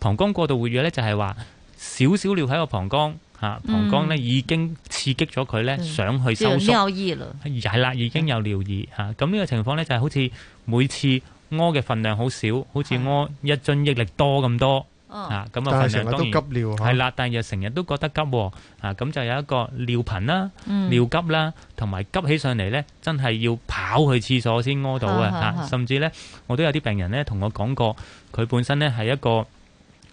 膀胱過度活躍咧就係話少少尿喺個膀胱嚇、嗯，膀胱咧已經刺激咗佢咧想去收縮，有、呢個、尿意啦，係啦，已經有尿意嚇。咁呢、嗯、個情況咧就係好似每次。屙嘅份量好少，好似屙一樽益力多咁多、嗯、常常急啊！咁啊，但係成日都急尿係啦，但係又成日都覺得急啊！咁、嗯啊、就有一個尿頻啦、尿急啦，同埋急起上嚟咧，真係要跑去廁所先屙到啊、嗯！甚至咧，我都有啲病人咧同我講過，佢本身咧係一個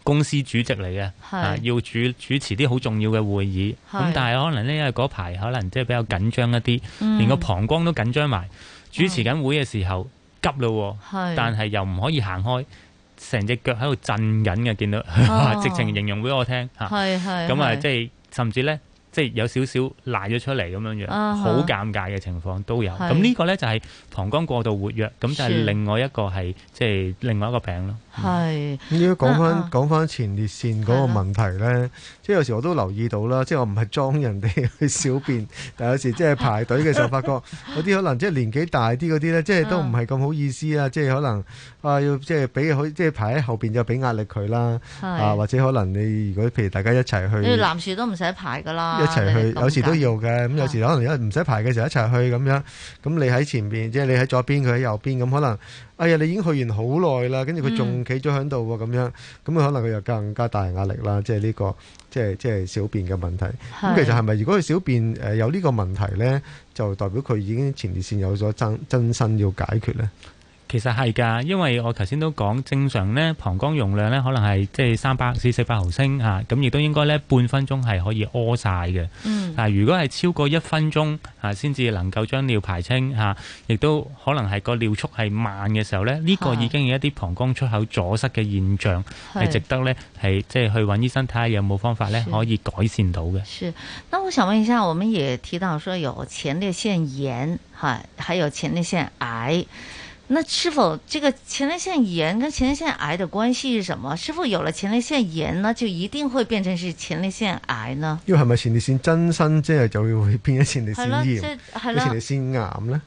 公司主席嚟嘅、嗯啊，要主主持啲好重要嘅會議咁、嗯，但係可能咧因為嗰排可能即係比較緊張一啲，連個膀胱都緊張埋主持緊會嘅時候。嗯急咯，但係又唔可以行開，成隻腳喺度震緊嘅，見到、哦、 [LAUGHS] 直情形容俾我聽吓，係、係、咁啊，即係、嗯嗯嗯嗯、甚至咧。即係有少少賴咗出嚟咁樣樣，好尷尬嘅情況都有。咁、嗯、呢個呢，就係膀胱過度活躍，咁就係另外一個係即係另外一個病咯。係。如果講翻講翻前列腺嗰個問題咧、啊，即係有時我都留意到啦，即係我唔係裝人哋去小便， [LAUGHS] 但有時即係排隊嘅時候 [LAUGHS] 發覺嗰啲可能即係年紀大啲嗰啲呢，即係都唔係咁好意思啊，即係可能。啊，要即係俾即係排喺後邊就俾壓力佢啦。啊，或者可能你如果譬如大家一齊去，男士都唔使排噶啦。一齊去，有時都要嘅。咁、嗯嗯、有時可能唔使排嘅時候一齊去咁樣。咁你喺前面，即係你喺左邊，佢喺右邊。咁可能，哎呀，你已經去完好耐啦，跟住佢仲企咗喺度喎，咁、嗯、樣。咁佢可能佢又更加大壓力啦。即係呢、呢個，即係即係小便嘅問題。咁其實係咪如果佢小便有呢個問題咧，就代表佢已經前列腺有咗增生要解決咧？其實係噶，因為我頭先都講正常咧，膀胱容量咧可能係即係三百至四百毫升嚇，咁、啊、亦都應該咧半分鐘係可以屙晒嘅。嗯、啊。但如果係超過一分鐘嚇，先、啊、至能夠將尿排清嚇，亦、啊、都可能係個尿速係慢嘅時候咧，呢、這個已經有一啲膀胱出口阻塞嘅現象，係值得咧係即係去搵醫生睇下有冇方法咧可以改善到嘅。是。那我想問一下，我們也提到說有前列腺炎嚇、啊，還有前列腺癌。那是否這個前列腺炎跟前列腺癌的關係是什麼？是否有了前列腺炎呢，就一定會變成是前列腺癌呢？因為係咪前列腺增生即係就會變咗前列腺炎，即係前列腺癌咧？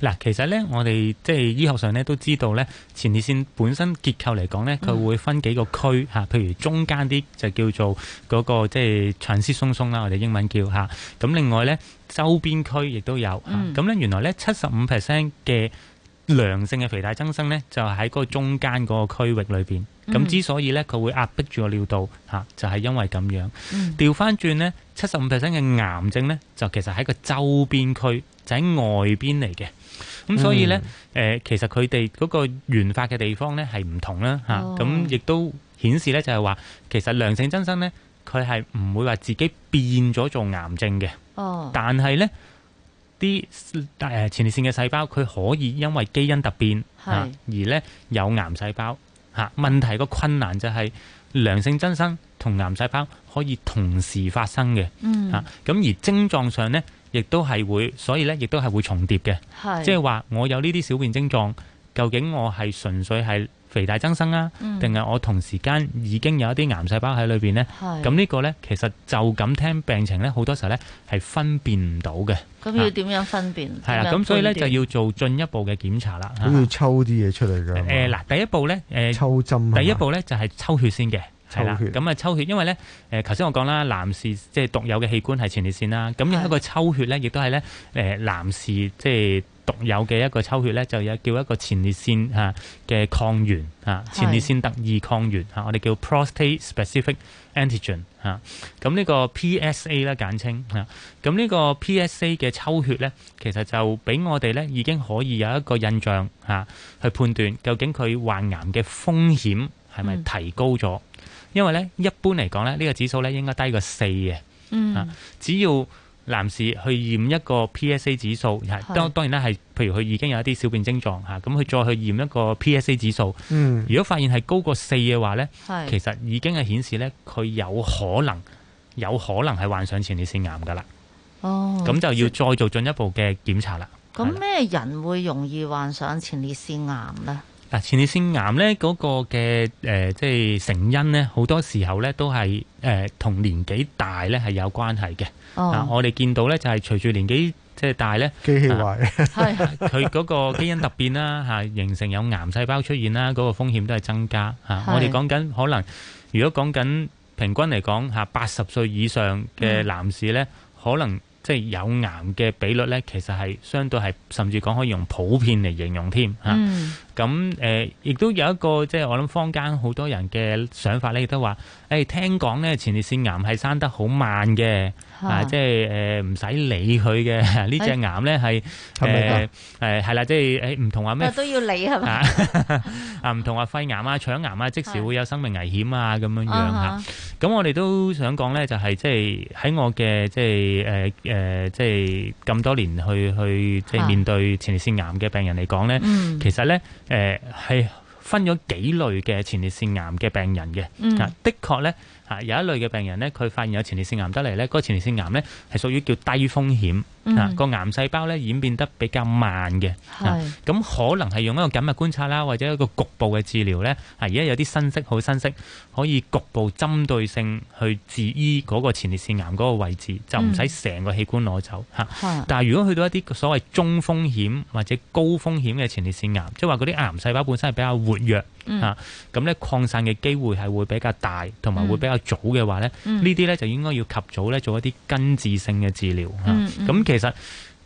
嗱，其實咧，我哋即係醫學上咧都知道咧，前列腺本身結構嚟講咧，佢會分幾個區吓、嗯，譬如中間啲就叫做嗰個即係長絲松松啦，我哋英文叫吓，咁另外咧周邊區亦都有，咁、嗯、咧原來咧七十五 percent 嘅。良性嘅肥大增生咧，就喺嗰個中間嗰個區域裏邊。咁之所以咧，佢會壓迫住個尿道，嚇就係因為咁樣。調翻轉咧，七十五 percent 嘅癌症咧，就其實喺個周邊區，就喺外邊嚟嘅。咁所以咧，誒其實佢哋嗰個原發嘅地方咧係唔同啦嚇。咁亦都顯示咧就係話，其實良性增生咧，佢係唔會話自己變咗做癌症嘅。哦，但係咧。啲大誒前列腺嘅細胞，佢可以因為基因突變，而咧有癌細胞嚇。問題個困難就係良性增生同癌細胞可以同時發生嘅嚇，咁而症狀上咧亦都係會，所以咧亦都係會重疊嘅。即係話我有呢啲小便症狀，究竟我係純粹係肥大增生啊，定係我同時間已經有一啲癌細胞喺裏邊咧？係。咁呢個咧，其實就咁聽病情咧，好多時候咧係分辨唔到嘅。咁要點樣分辨？係啦，咁所以咧就要做進一步嘅檢查啦。咁要抽啲嘢出嚟㗎。誒嗱，第一步咧，誒抽針。第一步咧就係抽血先嘅，係啦。抽血。咁啊抽血，因為咧誒頭先我講啦，男士即係獨有嘅器官係前列腺啦。咁有一個抽血咧，亦都係咧誒男士即係。獨有嘅一個抽血咧，就有叫一個前列腺嘅抗原，前列腺特異抗原，我哋叫 prostate specific antigen，咁呢個 PSA 啦，簡稱。咁呢個 PSA 嘅抽血咧，其實就俾我哋咧已經可以有一個印象嚇，去判斷究竟佢患癌嘅風險係咪提高咗？因為咧一般嚟講咧，呢個指數咧應該低過四嘅，只要。男士去驗一個 PSA 指數，係當當然啦，係，譬如佢已經有一啲小便症狀嚇，咁佢再去驗一個 PSA 指數，如果發現係高過四嘅話咧、嗯，其實已經係顯示咧佢有可能有可能係患上前列腺癌噶啦，咁、哦、就要再做進一步嘅檢查啦。咁咩人會容易患上前列腺癌咧？嗱，前列腺癌咧，嗰個嘅，誒，即係成因咧，好多時候咧都係誒同年紀大咧係有關係嘅。啊，我哋見到咧就係隨住年紀即係大咧，機器壞，係佢嗰個基因突變啦嚇，形成有癌細胞出現啦，嗰個風險都係增加嚇。我哋講緊可能，如果講緊平均嚟講嚇，八十歲以上嘅男士咧，可能。即係有癌嘅比率咧，其實係相對係甚至講可以用普遍嚟形容添嚇。嗯，咁誒，亦都有一個即係我諗坊間好多人嘅想法咧，亦都話誒聽講咧，前列腺癌係生得好慢嘅。啊，即係誒，唔使理佢嘅呢隻癌咧，係誒誒係啦，即係誒唔同話咩都要理係嘛啊，唔同話肺癌啊、腸癌啊，即時會有生命危險啊咁樣樣吓。咁我哋都想講咧，就係即係喺我嘅即係誒誒，即係咁多年去去即係面對前列腺癌嘅病人嚟講咧，其實咧誒係分咗幾類嘅前列腺癌嘅病人嘅。啊，的確咧。有一類嘅病人咧，佢發現有前列腺癌得嚟咧，嗰個前列腺癌咧係屬於叫低風險，啊、嗯，個癌細胞咧演變得比較慢嘅，咁可能係用一個緊密觀察啦，或者一個局部嘅治療咧，啊，而家有啲新式好新式，可以局部針對性去治醫嗰個前列腺癌嗰個位置，就唔使成個器官攞走嚇、嗯。但係如果去到一啲所謂中風險或者高風險嘅前列腺癌，即係話嗰啲癌細胞本身係比較活躍。吓，咁咧擴散嘅機會係會比較大，同埋會比較早嘅話咧，呢啲咧就應該要及早咧做一啲根治性嘅治療吓。咁其實。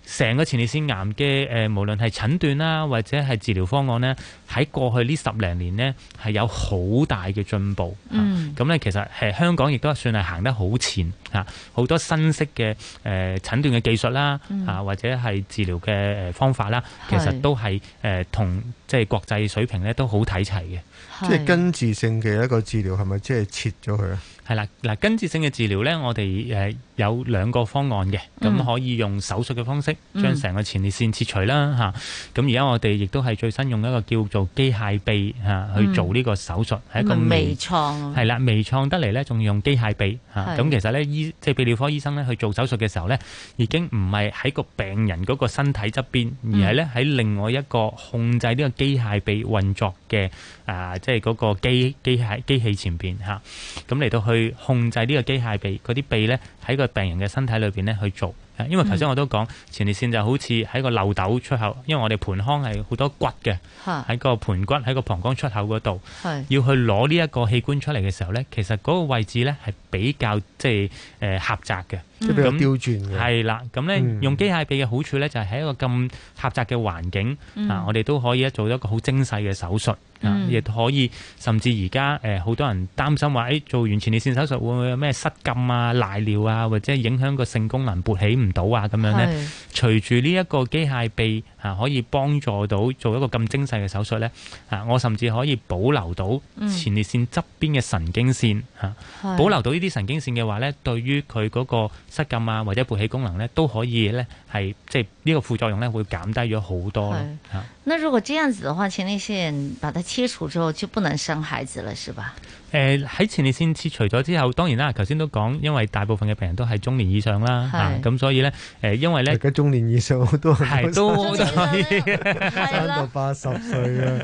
成個前列腺癌嘅誒，無論係診斷啦，或者係治療方案呢，喺過去呢十零年呢，係有好大嘅進步。嗯，咁、啊、咧其實係香港亦都係算係行得好前嚇，好多新式嘅誒、呃、診斷嘅技術啦，嚇、啊、或者係治療嘅誒方法啦，其實都係誒同即係國際水平咧都好睇齊嘅。即係根治性嘅一個治療係咪即係切咗佢啊？係啦，嗱，根治性嘅治療咧，我哋誒。呃有兩個方案嘅，咁可以用手術嘅方式將成個前列腺切除啦，吓。咁而家我哋亦都係最新用一個叫做機械臂吓去做呢個手術，係一個微創。係啦，微創得嚟咧，仲用機械臂吓。咁其實咧醫即係泌尿科醫生咧去做手術嘅時候咧，已經唔係喺個病人嗰個身體側邊，而係咧喺另外一個控制呢個機械臂運作嘅啊，即係嗰個機機械機器前邊吓。咁嚟到去控制呢個機械臂，嗰啲臂咧喺個。病人嘅身體裏邊咧去做，因為頭先我都講，前列腺就好似喺個漏斗出口，因為我哋盆腔係好多骨嘅，喺個盆骨喺個膀胱出口嗰度，要去攞呢一個器官出嚟嘅時候呢，其實嗰個位置呢。係。比較即係誒狹窄嘅，即係咁刁鑽嘅。係啦，咁咧用機械臂嘅好處咧，就係喺一個咁狹窄嘅環境啊，我哋都可以做一個好精細嘅手術啊，亦可以甚至而家誒好多人擔心話誒做完前列腺手術會唔會有咩失禁啊、瀨尿啊，或者影響個性功能勃起唔到啊咁樣咧？隨住呢一個機械臂嚇可以幫助到做一個咁精細嘅手術咧嚇，我甚至可以保留到前列腺側邊嘅神經線嚇，保留到呢。啲神經線嘅話咧，對於佢嗰個失禁啊或者勃起功能咧，都可以咧係即係呢個副作用咧會減低咗好多。吓，那如果這樣子的話，前列腺把它切除之後就不能生孩子了，是吧？誒、呃、喺前列腺切除咗之後，當然啦，頭先都講，因為大部分嘅病人都係中年以上啦，嚇咁所以咧，誒因為咧，而家中年以上多年多生都係都可以， [LAUGHS] 三十到八十歲啊，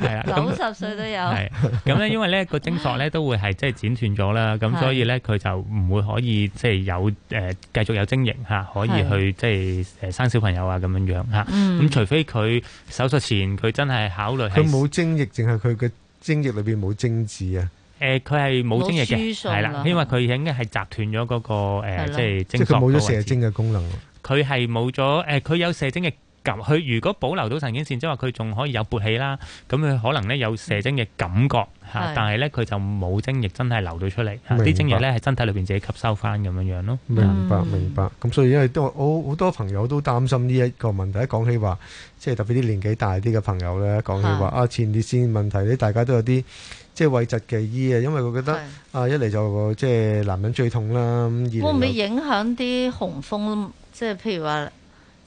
係啦，九十歲都有。係咁咧，因為咧個精索咧都會係即係剪斷咗啦，咁所以咧佢 [LAUGHS] 就唔會可以即係、就是、有誒、呃、繼續有精液嚇，可以去即係、就是、生小朋友啊咁樣樣嚇。咁、嗯嗯、除非佢手術前佢真係考慮，佢冇精液，淨係佢嘅。精液裏邊冇精子啊？誒、呃，佢係冇精液嘅，係啦，因為佢已經係截斷咗嗰個誒，呃、了即係冇咗射精嘅功能。佢係冇咗誒，佢、呃、有射精液。佢如果保留到神經線，即係話佢仲可以有勃起啦。咁佢可能咧，有射精嘅感覺嚇，是但係咧佢就冇精液真係流到出嚟。啲白精液咧係身體裏邊自己吸收翻咁樣樣咯。明白明白。咁所以因為都我好、哦、多朋友都擔心呢一個問題。講起話，即係特別啲年紀大啲嘅朋友咧，講起話是啊前列腺問題咧，大家都有啲即係諱疾忌醫啊。因為我覺得是啊，一嚟就即係男人最痛啦。會唔會影響啲雄風？即、就、係、是、譬如話。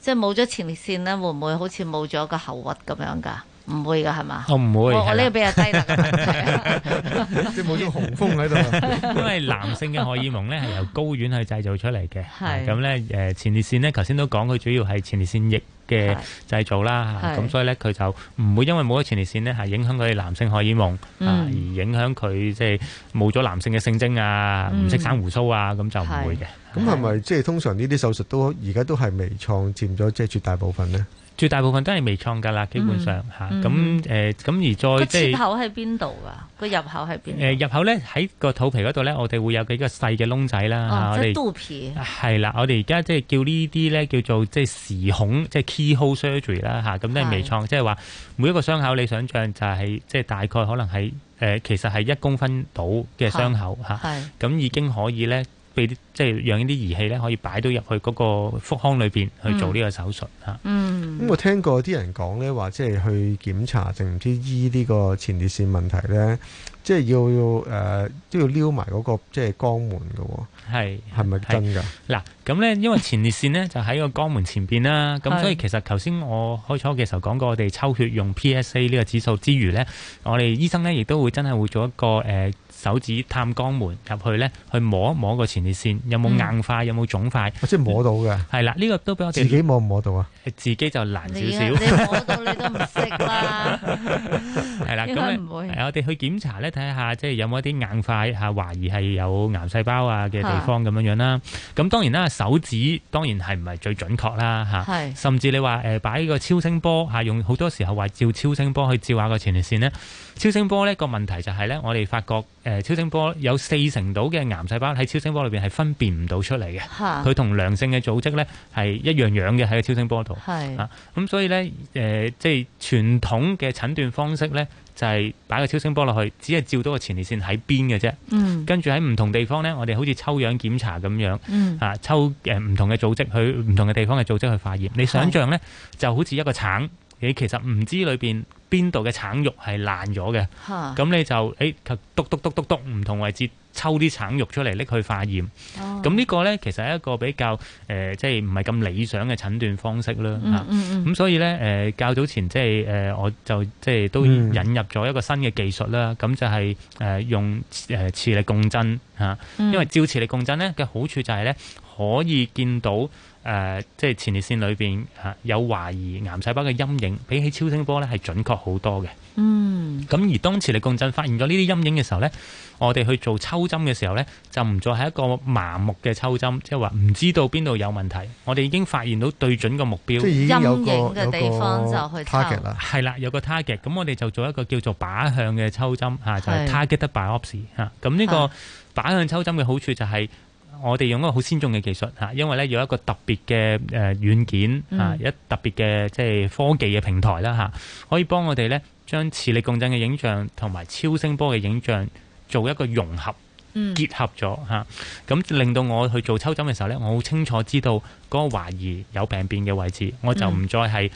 即係冇咗前列腺咧，會唔會好似冇咗個喉核咁樣噶？唔會噶係嘛？哦、會我唔的我呢個比較低能嘅問題，即係冇咗雄風喺度。 [LAUGHS] [LAUGHS] [LAUGHS] 因為男性嘅荷爾蒙咧係由睾丸去製造出嚟嘅，係咁咧誒，前列腺咧頭先都講，佢主要係前列腺液。嘅製造啦，咁是所以咧佢就唔會因為冇咗前列腺咧，係影響佢男性荷爾蒙啊，嗯、而影響佢即係冇咗男性嘅性徵啊，唔識、嗯、生鬍鬚啊，咁就唔會嘅。咁係咪即係通常呢啲手術都而家都係微創佔咗即係絕大部分咧？絕大部分都係微創㗎啦，基本上嚇，咁、嗯、誒，咁、啊呃、而再即係入口係邊度㗎？個、呃、入口喺邊？誒入口咧喺個肚皮嗰度咧，我哋會有幾個細嘅窿仔啦嚇。即、哦、係肚皮。係啦，我哋而家即係叫呢啲咧叫做即係匙孔，即係 keyhole surgery 啦、啊、嚇。咁都係微創，即係話每一個傷口你想像就係即係大概可能係誒、呃、其實係一公分到嘅傷口嚇。係、哦。咁、啊、已經可以咧。俾即係讓呢啲儀器咧可以擺到入去嗰個腹腔裏邊去做呢個手術嚇、嗯。嗯，咁我聽過啲人講咧話，即係去檢查定唔知醫呢個前列腺問題咧，即、就、係、是、要要誒都要撩埋嗰、那個即係、就是、肛門嘅喎。係係咪真㗎？嗱，咁咧因為前列腺咧就喺個肛門前邊啦。咁 [LAUGHS] 所以其實頭先我開初嘅時候講過，我哋抽血用 PSA 呢個指數之餘咧，我哋醫生咧亦都會真係會做一個誒。呃手指探肛門入去咧，去摸一摸個前列腺有冇硬化，有冇腫塊，我即係摸到嘅。係啦，呢個都俾我哋自己摸唔摸到啊？係自己就難少少。你摸到你都唔識啦。係啦，咁唔會。我哋去檢查咧，睇下即係有冇一啲硬化吓，懷疑係有癌細胞啊嘅地方咁樣樣啦。咁當然啦，手指當然係唔係最準確啦吓。係。甚至你話誒，擺個超聲波吓，用好多時候話照超聲波去照下個前列腺咧。超聲波呢個問題就係呢，我哋發覺誒超聲波有四成度嘅癌細胞喺超聲波裏邊係分辨唔到出嚟嘅，佢同良性嘅組織呢係一樣樣嘅喺個超聲波度。係啊，咁所以呢，誒、呃，即係傳統嘅診斷方式呢，就係擺個超聲波落去，只係照到個前列腺喺邊嘅啫。跟住喺唔同地方呢，我哋好似抽樣檢查咁樣，啊抽誒唔同嘅組織去唔同嘅地方嘅組織去化驗。你想象呢，就好似一個橙，你其實唔知裏邊。邊度嘅橙肉係爛咗嘅，咁你就誒篤篤篤篤篤唔同位置抽啲橙肉出嚟拎去化驗，咁呢個咧其實係一個比較誒即係唔係咁理想嘅診斷方式啦嚇。咁所以咧誒較早前即係誒我就即係都引入咗一個新嘅技術啦，咁就係誒用誒磁力共振嚇，因為照磁力共振咧嘅好處就係咧可以見到。誒、呃，即係前列腺裏面有懷疑癌細胞嘅陰影，比起超聲波咧係準確好多嘅。嗯，咁而當磁力共振發現咗呢啲陰影嘅時候咧，我哋去做抽針嘅時候咧，就唔再係一個盲目嘅抽針，即係話唔知道邊度有問題。我哋已經發現到對準個目標即係陰影嘅地方就去抽。係啦，有個 target，咁我哋就做一個叫做靶向嘅抽針就係、是、targeted b y o p s ytargeted biopsy 咁呢個靶向抽針嘅好處就係、是。我哋用一個好先進嘅技術嚇，因為咧有一個特別嘅誒軟件嚇、嗯，一個特別嘅即係科技嘅平台啦嚇，可以幫我哋咧將磁力共振嘅影像同埋超聲波嘅影像做一個融合結合咗嚇，咁令到我去做抽針嘅時候咧，我好清楚知道嗰個懷疑有病變嘅位置，我就唔再係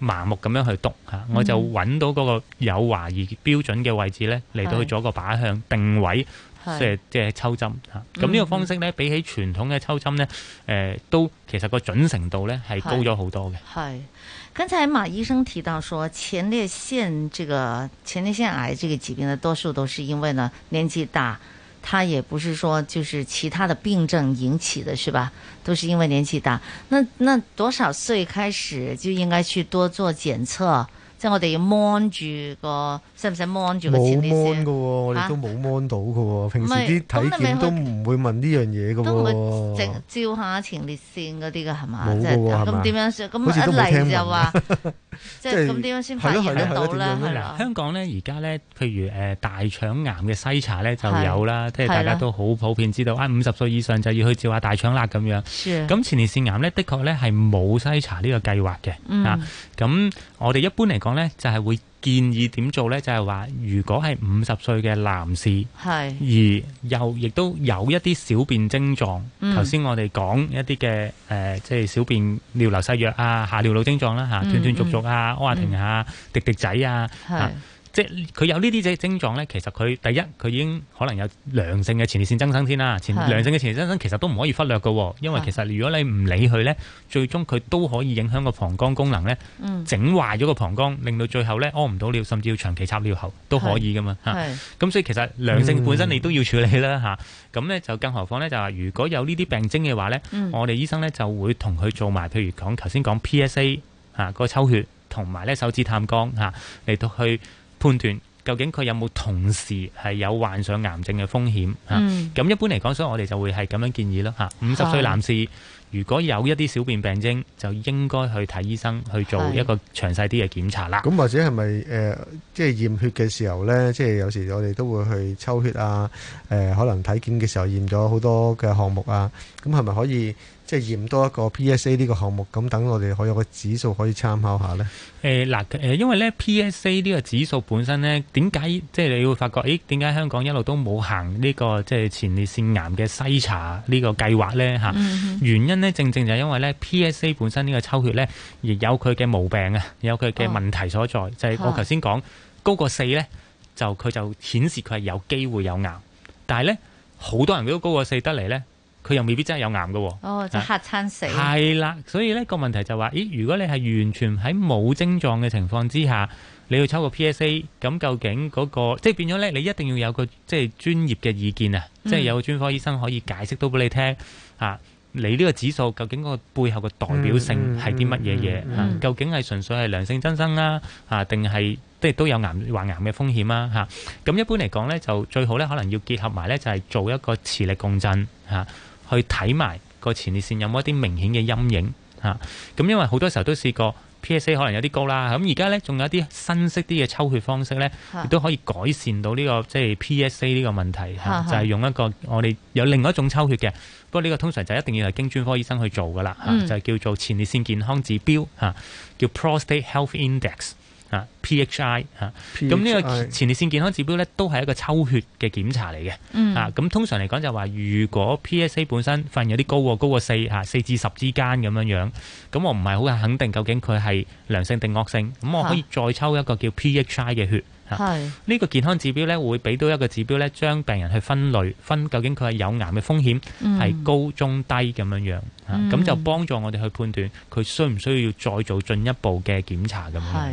盲目咁樣去篤嚇、嗯，我就揾到嗰個有懷疑標準嘅位置咧嚟到去做一個靶向定位。即係即係抽針嚇，咁呢個方式呢，比起傳統嘅抽針呢，誒都其實個準程度呢係高咗好多嘅。係，剛才馬醫生提到說，前列腺這個前列腺癌這個疾病呢，多數都是因為呢年紀大，他也不是說就是其他的病症引起的，是吧？都是因為年紀大。那那多少歲開始就應該去多做檢測？即係我哋要芒住個，使唔使芒住個前列腺？冇芒噶、啊，我哋、啊、都冇芒到噶、啊。平時啲體檢都唔會問呢樣嘢噶喎。都照下前列腺嗰啲噶係嘛？咁點樣算？咁一嚟就話。 [LAUGHS] 即係咁點樣先發現得到咧？嗱，香港咧而家咧，譬如誒大腸癌嘅篩查咧就有啦，即係、就是、大家都好普遍知道，啊五十歲以上就要去照下大腸啦咁樣。咁前列腺癌咧，的確咧係冇篩查呢個計劃嘅、嗯。啊，咁我哋一般嚟講咧就係會。建議點做呢？就係、是、話，如果係五十歲嘅男士，係而又亦都有一啲小便症狀，頭、嗯、先我哋講一啲嘅誒，即係小便尿流細弱啊，下尿路症狀啦嚇，斷斷續續啊，屙下停下啊、滴、嗯、滴仔啊即佢有呢啲症狀咧，其實佢第一佢已經可能有良性嘅前列腺增生先啦，良性嘅前列腺增生其實都唔可以忽略嘅，因為其實如果你唔理佢咧，最終佢都可以影響個膀胱功能咧、嗯，整壞咗個膀胱，令到最後咧屙唔到尿，甚至要長期插尿喉都可以嘅嘛嚇。咁、啊、所以其實良性本身你都要處理啦嚇。咁、嗯、咧、啊、就更何況咧就話如果有呢啲病徵嘅話咧、嗯，我哋醫生咧就會同佢做埋譬如講頭先講 PSA 嚇、啊那個抽血，同埋咧手指探肛嚇嚟到去。判斷究竟佢有冇同時係有患上癌症嘅風險嚇，咁、嗯啊、一般嚟講，所以我哋就會係咁樣建議咯嚇。五、啊、十歲男士如果有一啲小便病徵，就應該去睇醫生去做一個詳細啲嘅檢查啦。咁、啊、或者係咪誒，即、呃、係、就是、驗血嘅時候呢，即、就、係、是、有時我哋都會去抽血啊，誒、呃，可能體檢嘅時候驗咗好多嘅項目啊，咁係咪可以？即係驗多一個 PSA 呢個項目，咁等我哋可以有個指數可以參考下咧。嗱、呃、因為咧 PSA 呢個指數本身咧，點解即係你會發覺誒點解香港一路都冇行呢、呢個即係、就是、前列腺癌嘅篩查呢個計劃咧、嗯、原因咧正正就係因為咧 PSA 本身個呢個抽血咧，亦有佢嘅毛病啊，有佢嘅問題所在。哦、就係、是、我頭先講高過四咧，就佢就顯示佢係有機會有癌，但係咧好多人都高過四得嚟咧。佢又未必真係有癌㗎喎，哦，即係嚇親死，係啦，所以咧個問題就話，咦？如果你係完全喺冇症狀嘅情況之下，你要抽個 PSA，咁究竟嗰個即係變咗咧？你一定要有個即係專業嘅意見啊，即係有個專科醫生可以解釋到俾你聽吓。你呢個指數究竟嗰個背後嘅代表性係啲乜嘢嘢？究竟係純粹係良性增生啦，吓定係都係都有癌患癌嘅風險啦，吓。咁一般嚟講咧，就最好咧，可能要結合埋咧，就係做一個磁力共振吓。去睇埋個前列腺有冇一啲明顯嘅陰影吓，咁因為好多時候都試過 PSA 可能有啲高啦，咁而家呢，仲有啲新式啲嘅抽血方式呢，亦都可以改善到呢個即係 PSA 呢個問題吓，就係用一個我哋有另外一種抽血嘅，不過呢個通常就一定要係經專科醫生去做噶啦，就叫做前列腺健康指標，叫 Prostate Health Index。啊，PHI 嚇，咁、這、呢個前列腺健康指標咧，都係一個抽血嘅檢查嚟嘅。嗯。啊，咁通常嚟講就話，如果 PSA 本身發現有啲高高過四嚇，四至十之間咁樣樣，咁我唔係好肯定究竟佢係良性定惡性。咁我可以再抽一個叫 PHI 嘅血。係。呢、這個健康指標咧，會俾到一個指標咧，將病人去分類，分究竟佢係有癌嘅風險係、嗯、高中低咁樣樣。嗯。咁就幫助我哋去判斷佢需唔需要再做進一步嘅檢查咁樣。係。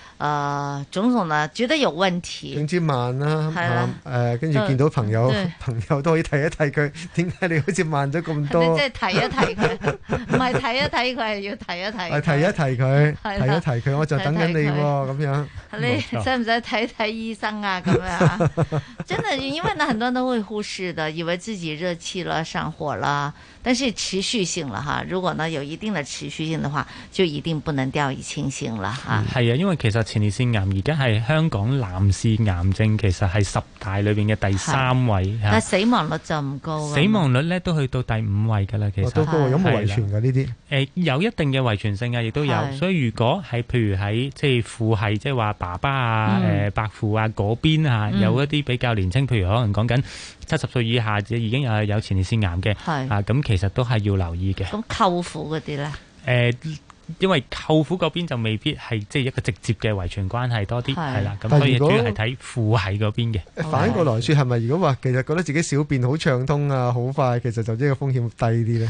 誒，總總啦，覺得有問題，總之慢啦，係誒，跟住見到朋友，朋友都可以提一提佢，點解你好似慢咗咁多？即係提一提佢，唔係提一提佢，係要提一提，提一提佢，提一提佢，我就等緊你喎，咁樣，你使唔使睇睇提醫生啊？咁樣，真係，因為呢，很多人都會忽視的，以為自己熱氣啦，上火啦。但是持續性啦，吓，如果呢有一定嘅持續性嘅話，就一定不能掉以輕心啦，吓。係啊，因為其實前列腺癌而家係香港男士癌症，其實係十大裏邊嘅第三位。啊、但係死亡率就唔高。死亡率呢都去到第五位噶啦，其實。都高，有冇遺傳噶呢啲？誒、呃，有一定嘅遺傳性啊，亦都有。所以如果係譬如喺即係父系，即係話爸爸啊，誒、嗯呃、伯父啊嗰邊吓、啊，有一啲比較年輕，譬如可能講緊七十歲以下就已經有有前列腺癌嘅，啊咁。嗯其實都係要留意嘅。咁舅父嗰啲咧？誒，因為舅父嗰邊就未必係即係一個直接嘅遺傳關係多啲，係啦。咁所以主要係睇父系嗰邊嘅。反過來說，係咪如果話其實覺得自己小便好暢通啊，好快，其實就呢個風險低啲咧？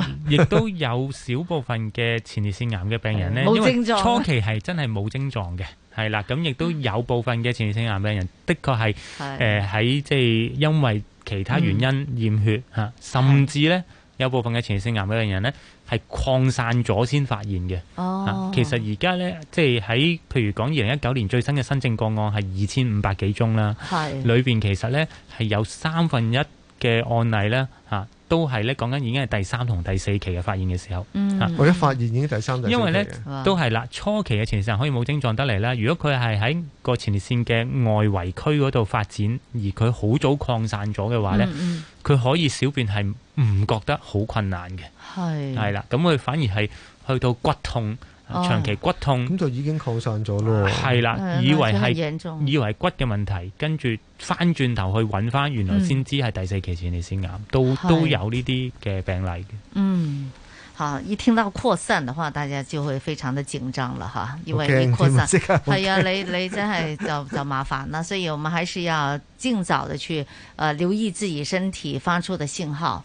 誒，亦都有少部分嘅前列腺癌嘅病人咧，因為初期係真係冇症狀嘅，係啦。咁亦都有部分嘅前列腺癌病人的確係誒喺即係因為，其他原因驗血嚇、嗯，甚至咧有部分嘅前列腺癌嘅病人咧係擴散咗先發現嘅。哦，其實而家咧即係喺譬如講二零一九年最新嘅新症個案係二千五百幾宗啦，係裏邊其實咧係有三分一。嘅案例咧嚇，都係咧講緊已經係第三同第四期嘅發現嘅時候嚇，我一發現已經第三期，因為咧都係啦，初期嘅前列腺可以冇徵狀得嚟啦。如果佢係喺個前列腺嘅外圍區嗰度發展，而佢好早擴散咗嘅話咧，佢、嗯嗯、可以小便係唔覺得好困難嘅，係係啦，咁佢反而係去到骨痛。長期骨痛咁、哦、就已經擴散咗咯，係啦，以為係以為是骨嘅問題，跟住翻轉頭去揾翻，原來先知係第四期前列腺癌，都都有呢啲嘅病例嘅。嗯，吓、嗯、一聽到擴散嘅話，大家就會非常的緊張啦，吓，因為擴散係啊， [LAUGHS] 哎、呀你你真係就就麻煩啦， [LAUGHS] 所以我們還是要盡早的去誒、呃、留意自己身體發出的信號。